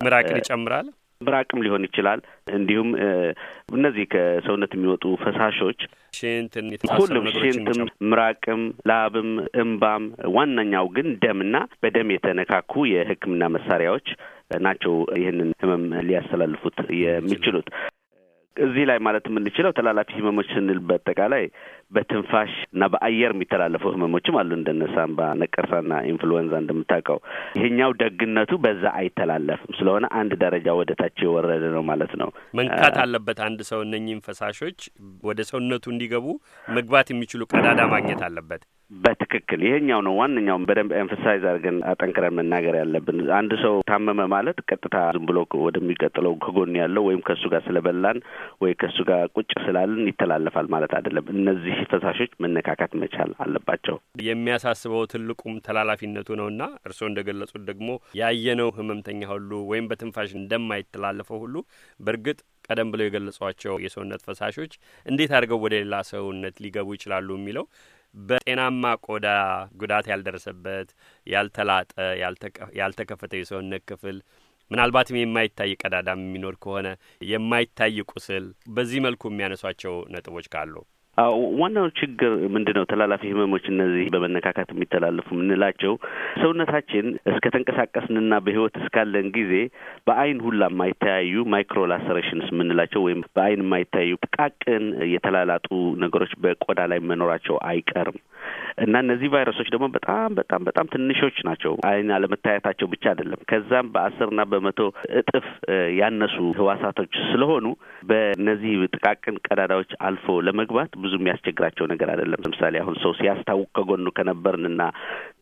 ምራቅን ይጨምራል። ምራቅም ሊሆን ይችላል። እንዲሁም እነዚህ ከሰውነት የሚወጡ ፈሳሾች ሁሉም ሽንትም፣ ምራቅም፣ ላብም፣ እምባም ዋናኛው ግን ደምና በደም የተነካኩ የሕክምና መሳሪያዎች ናቸው ይህንን ህመም ሊያስተላልፉት የሚችሉት። እዚህ ላይ ማለት የምንችለው ተላላፊ ህመሞች ስንል በአጠቃላይ በትንፋሽ እና በአየር የሚተላለፉ ህመሞችም አሉ እንደነ ሳምባ፣ ነቀርሳና ኢንፍሉዌንዛ እንደምታውቀው። ይሄኛው ደግነቱ በዛ አይተላለፍም ስለሆነ አንድ ደረጃ ወደ ታች የወረደ ነው ማለት ነው። መንካት አለበት አንድ ሰው እነኚህም ፈሳሾች ወደ ሰውነቱ እንዲገቡ መግባት የሚችሉ ቀዳዳ ማግኘት አለበት። በትክክል ይሄኛው ነው ዋነኛውም በደንብ ኤምፈሳይዝ አድርገን አጠንክረን መናገር ያለብን። አንድ ሰው ታመመ ማለት ቀጥታ ዝም ብሎ ወደሚቀጥለው ከጎን ያለው ወይም ከእሱ ጋር ስለበላን ወይ ከእሱ ጋር ቁጭ ስላልን ይተላለፋል ማለት አይደለም። እነዚህ ፈሳሾች መነካካት መቻል አለባቸው። የሚያሳስበው ትልቁም ተላላፊነቱ እና እርስዎ እንደገለጹት ደግሞ ያየነው ህመምተኛ ሁሉ ወይም በትንፋሽ እንደማይተላለፈው ሁሉ በእርግጥ ቀደም ብለው የገለጿቸው የሰውነት ፈሳሾች እንዴት አድርገው ወደ ሌላ ሰውነት ሊገቡ ይችላሉ የሚለው በጤናማ ቆዳ ጉዳት ያልደረሰበት ያልተላጠ፣ ያልተከፈተ የሰውነት ክፍል ምናልባትም የማይታይ ቀዳዳም የሚኖር ከሆነ የማይታይ ቁስል፣ በዚህ መልኩ የሚያነሷቸው ነጥቦች ካሉ ዋናው ችግር ምንድን ነው? ተላላፊ ህመሞች እነዚህ በመነካካት የሚተላለፉ የምንላቸው ሰውነታችን እስከ ተንቀሳቀስንና በህይወት እስካለን ጊዜ በአይን ሁላ የማይተያዩ ማይክሮ ላሰሬሽንስ የምንላቸው ወይም በአይን የማይተያዩ ጥቃቅን የተላላጡ ነገሮች በቆዳ ላይ መኖራቸው አይቀርም እና እነዚህ ቫይረሶች ደግሞ በጣም በጣም በጣም ትንሾች ናቸው። አይን አለመታየታቸው ብቻ አይደለም፣ ከዛም በአስርና በመቶ እጥፍ ያነሱ ህዋሳቶች ስለሆኑ በእነዚህ ጥቃቅን ቀዳዳዎች አልፎ ለመግባት ብዙ የሚያስቸግራቸው ነገር አይደለም። ለምሳሌ አሁን ሰው ሲያስታውቅ ከጎኑ ከነበርንና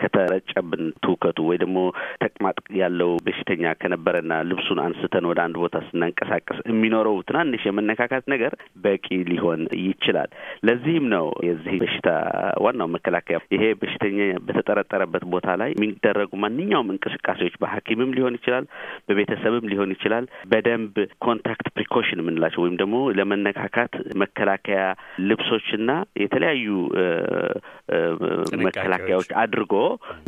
ከተረጨብን ትውከቱ ወይ ደግሞ ተቅማጥ ያለው በሽተኛ ከነበረና ልብሱን አንስተን ወደ አንድ ቦታ ስናንቀሳቀስ የሚኖረው ትናንሽ የመነካካት ነገር በቂ ሊሆን ይችላል። ለዚህም ነው የዚህ በሽታ ዋናው መከላከያ ይሄ በሽተኛ በተጠረጠረበት ቦታ ላይ የሚደረጉ ማንኛውም እንቅስቃሴዎች በሐኪምም ሊሆን ይችላል፣ በቤተሰብም ሊሆን ይችላል። በደንብ ኮንታክት ፕሪኮሽን የምንላቸው ወይም ደግሞ ለመነካካት መከላከያ ልብሶ ጥረቶችና የተለያዩ መከላከያዎች አድርጎ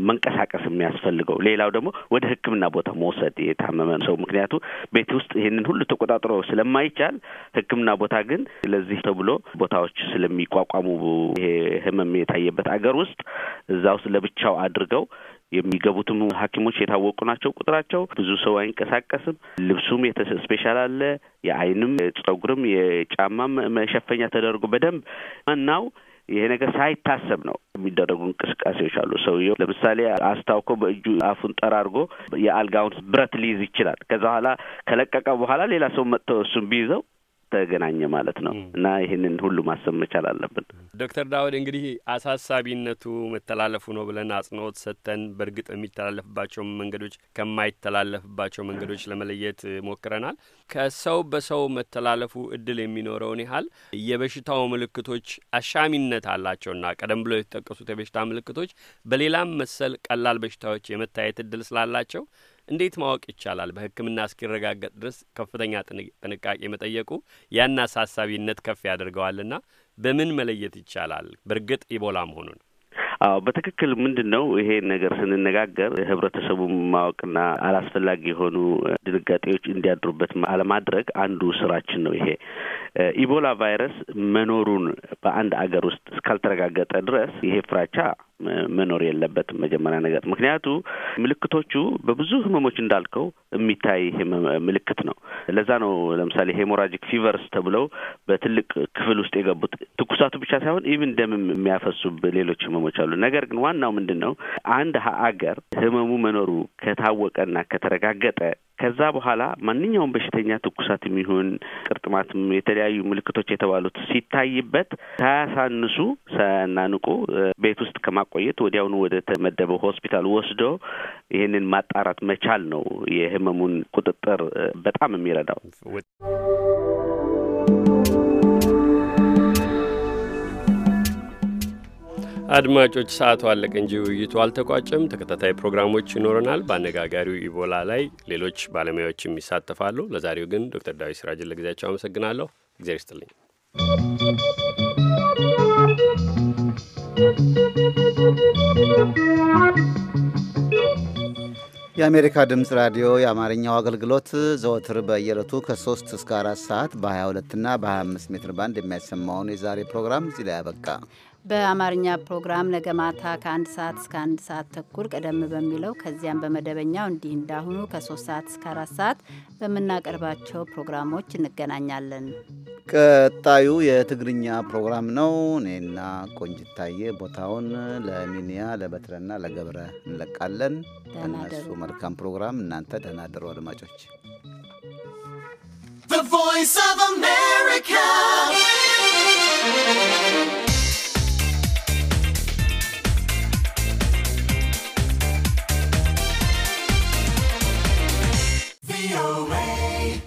መንቀሳቀስ የሚያስፈልገው። ሌላው ደግሞ ወደ ሕክምና ቦታ መውሰድ የታመመ ሰው ምክንያቱ ቤት ውስጥ ይህንን ሁሉ ተቆጣጥሮ ስለማይቻል ሕክምና ቦታ ግን ለዚህ ተብሎ ቦታዎች ስለሚቋቋሙ ይሄ ህመም የታየበት አገር ውስጥ እዛ ውስጥ ለብቻው አድርገው የሚገቡትም ሐኪሞች የታወቁ ናቸው። ቁጥራቸው ብዙ ሰው አይንቀሳቀስም። ልብሱም ስፔሻል አለ። የአይንም ጸጉርም የጫማም መሸፈኛ ተደርጎ በደንብ እናው ይሄ ነገር ሳይታሰብ ነው የሚደረጉ እንቅስቃሴዎች አሉ። ሰውየው ለምሳሌ አስታውኮ በእጁ አፉን ጠራርጎ የአልጋውን ብረት ሊይዝ ይችላል። ከዛ በኋላ ከለቀቀ በኋላ ሌላ ሰው መጥተው እሱን ቢይዘው ተገናኘ ማለት ነው እና ይህንን ሁሉ ማሰብ መቻል አለብን። ዶክተር ዳውድ እንግዲህ አሳሳቢነቱ መተላለፉ ነው ብለን አጽንኦት ሰጥተን በእርግጥ የሚተላለፍባቸው መንገዶች ከማይተላለፍባቸው መንገዶች ለመለየት ሞክረናል። ከሰው በሰው መተላለፉ እድል የሚኖረውን ያህል የበሽታው ምልክቶች አሻሚነት አላቸውና ቀደም ብሎ የተጠቀሱት የበሽታ ምልክቶች በሌላም መሰል ቀላል በሽታዎች የመታየት እድል ስላላቸው እንዴት ማወቅ ይቻላል? በሕክምና እስኪረጋገጥ ድረስ ከፍተኛ ጥንቃቄ መጠየቁ ያን አሳሳቢነት ከፍ ያደርገዋልና በምን መለየት ይቻላል በእርግጥ ኢቦላ መሆኑን? አዎ በትክክል ምንድን ነው ይሄ ነገር ስንነጋገር ህብረተሰቡም ማወቅና አላስፈላጊ የሆኑ ድንጋጤዎች እንዲያድሩበት አለማድረግ አንዱ ስራችን ነው። ይሄ ኢቦላ ቫይረስ መኖሩን በአንድ አገር ውስጥ እስካልተረጋገጠ ድረስ ይሄ ፍራቻ መኖር የለበትም። መጀመሪያ ነገር ምክንያቱ ምልክቶቹ በብዙ ህመሞች እንዳልከው የሚታይ ምልክት ነው። ለዛ ነው ለምሳሌ ሄሞራጂክ ፊቨርስ ተብለው በትልቅ ክፍል ውስጥ የገቡት ትኩሳቱ ብቻ ሳይሆን ኢቭን ደምም የሚያፈሱ ሌሎች ህመሞች አሉ። ይችላሉ። ነገር ግን ዋናው ምንድን ነው አንድ ሀገር ህመሙ መኖሩ ከታወቀና ከተረጋገጠ ከዛ በኋላ ማንኛውም በሽተኛ ትኩሳት የሚሆን ቅርጥማትም፣ የተለያዩ ምልክቶች የተባሉት ሲታይበት ሳያሳንሱ ሳያናንቁ ቤት ውስጥ ከማቆየት ወዲያውኑ ወደ ተመደበው ሆስፒታል ወስዶ ይህንን ማጣራት መቻል ነው የህመሙን ቁጥጥር በጣም የሚረዳው። አድማጮች ሰዓቱ አለቀ እንጂ ውይይቱ አልተቋጨም። ተከታታይ ፕሮግራሞች ይኖረናል። በአነጋጋሪው ኢቦላ ላይ ሌሎች ባለሙያዎችም ይሳተፋሉ። ለዛሬው ግን ዶክተር ዳዊት ሲራጅን ለጊዜያቸው አመሰግናለሁ። እግዜር ይስጥልኝ። የአሜሪካ ድምፅ ራዲዮ የአማርኛው አገልግሎት ዘወትር በየዕለቱ ከ3 እስከ 4 ሰዓት በ22 እና በ25 ሜትር ባንድ የሚያሰማውን የዛሬ ፕሮግራም እዚህ ላይ አበቃ። በአማርኛ ፕሮግራም ነገ ማታ ከአንድ ሰዓት እስከ አንድ ሰዓት ተኩል ቀደም በሚለው ከዚያም በመደበኛው እንዲህ እንዳሁኑ ከሶስት ሰዓት እስከ አራት ሰዓት በምናቀርባቸው ፕሮግራሞች እንገናኛለን። ቀጣዩ የትግርኛ ፕሮግራም ነው። እኔና ቆንጅታየ ቦታውን ለሚኒያ ለበትረና ለገብረ እንለቃለን። እነሱ መልካም ፕሮግራም፣ እናንተ ደህና ደሩ አድማጮች። away.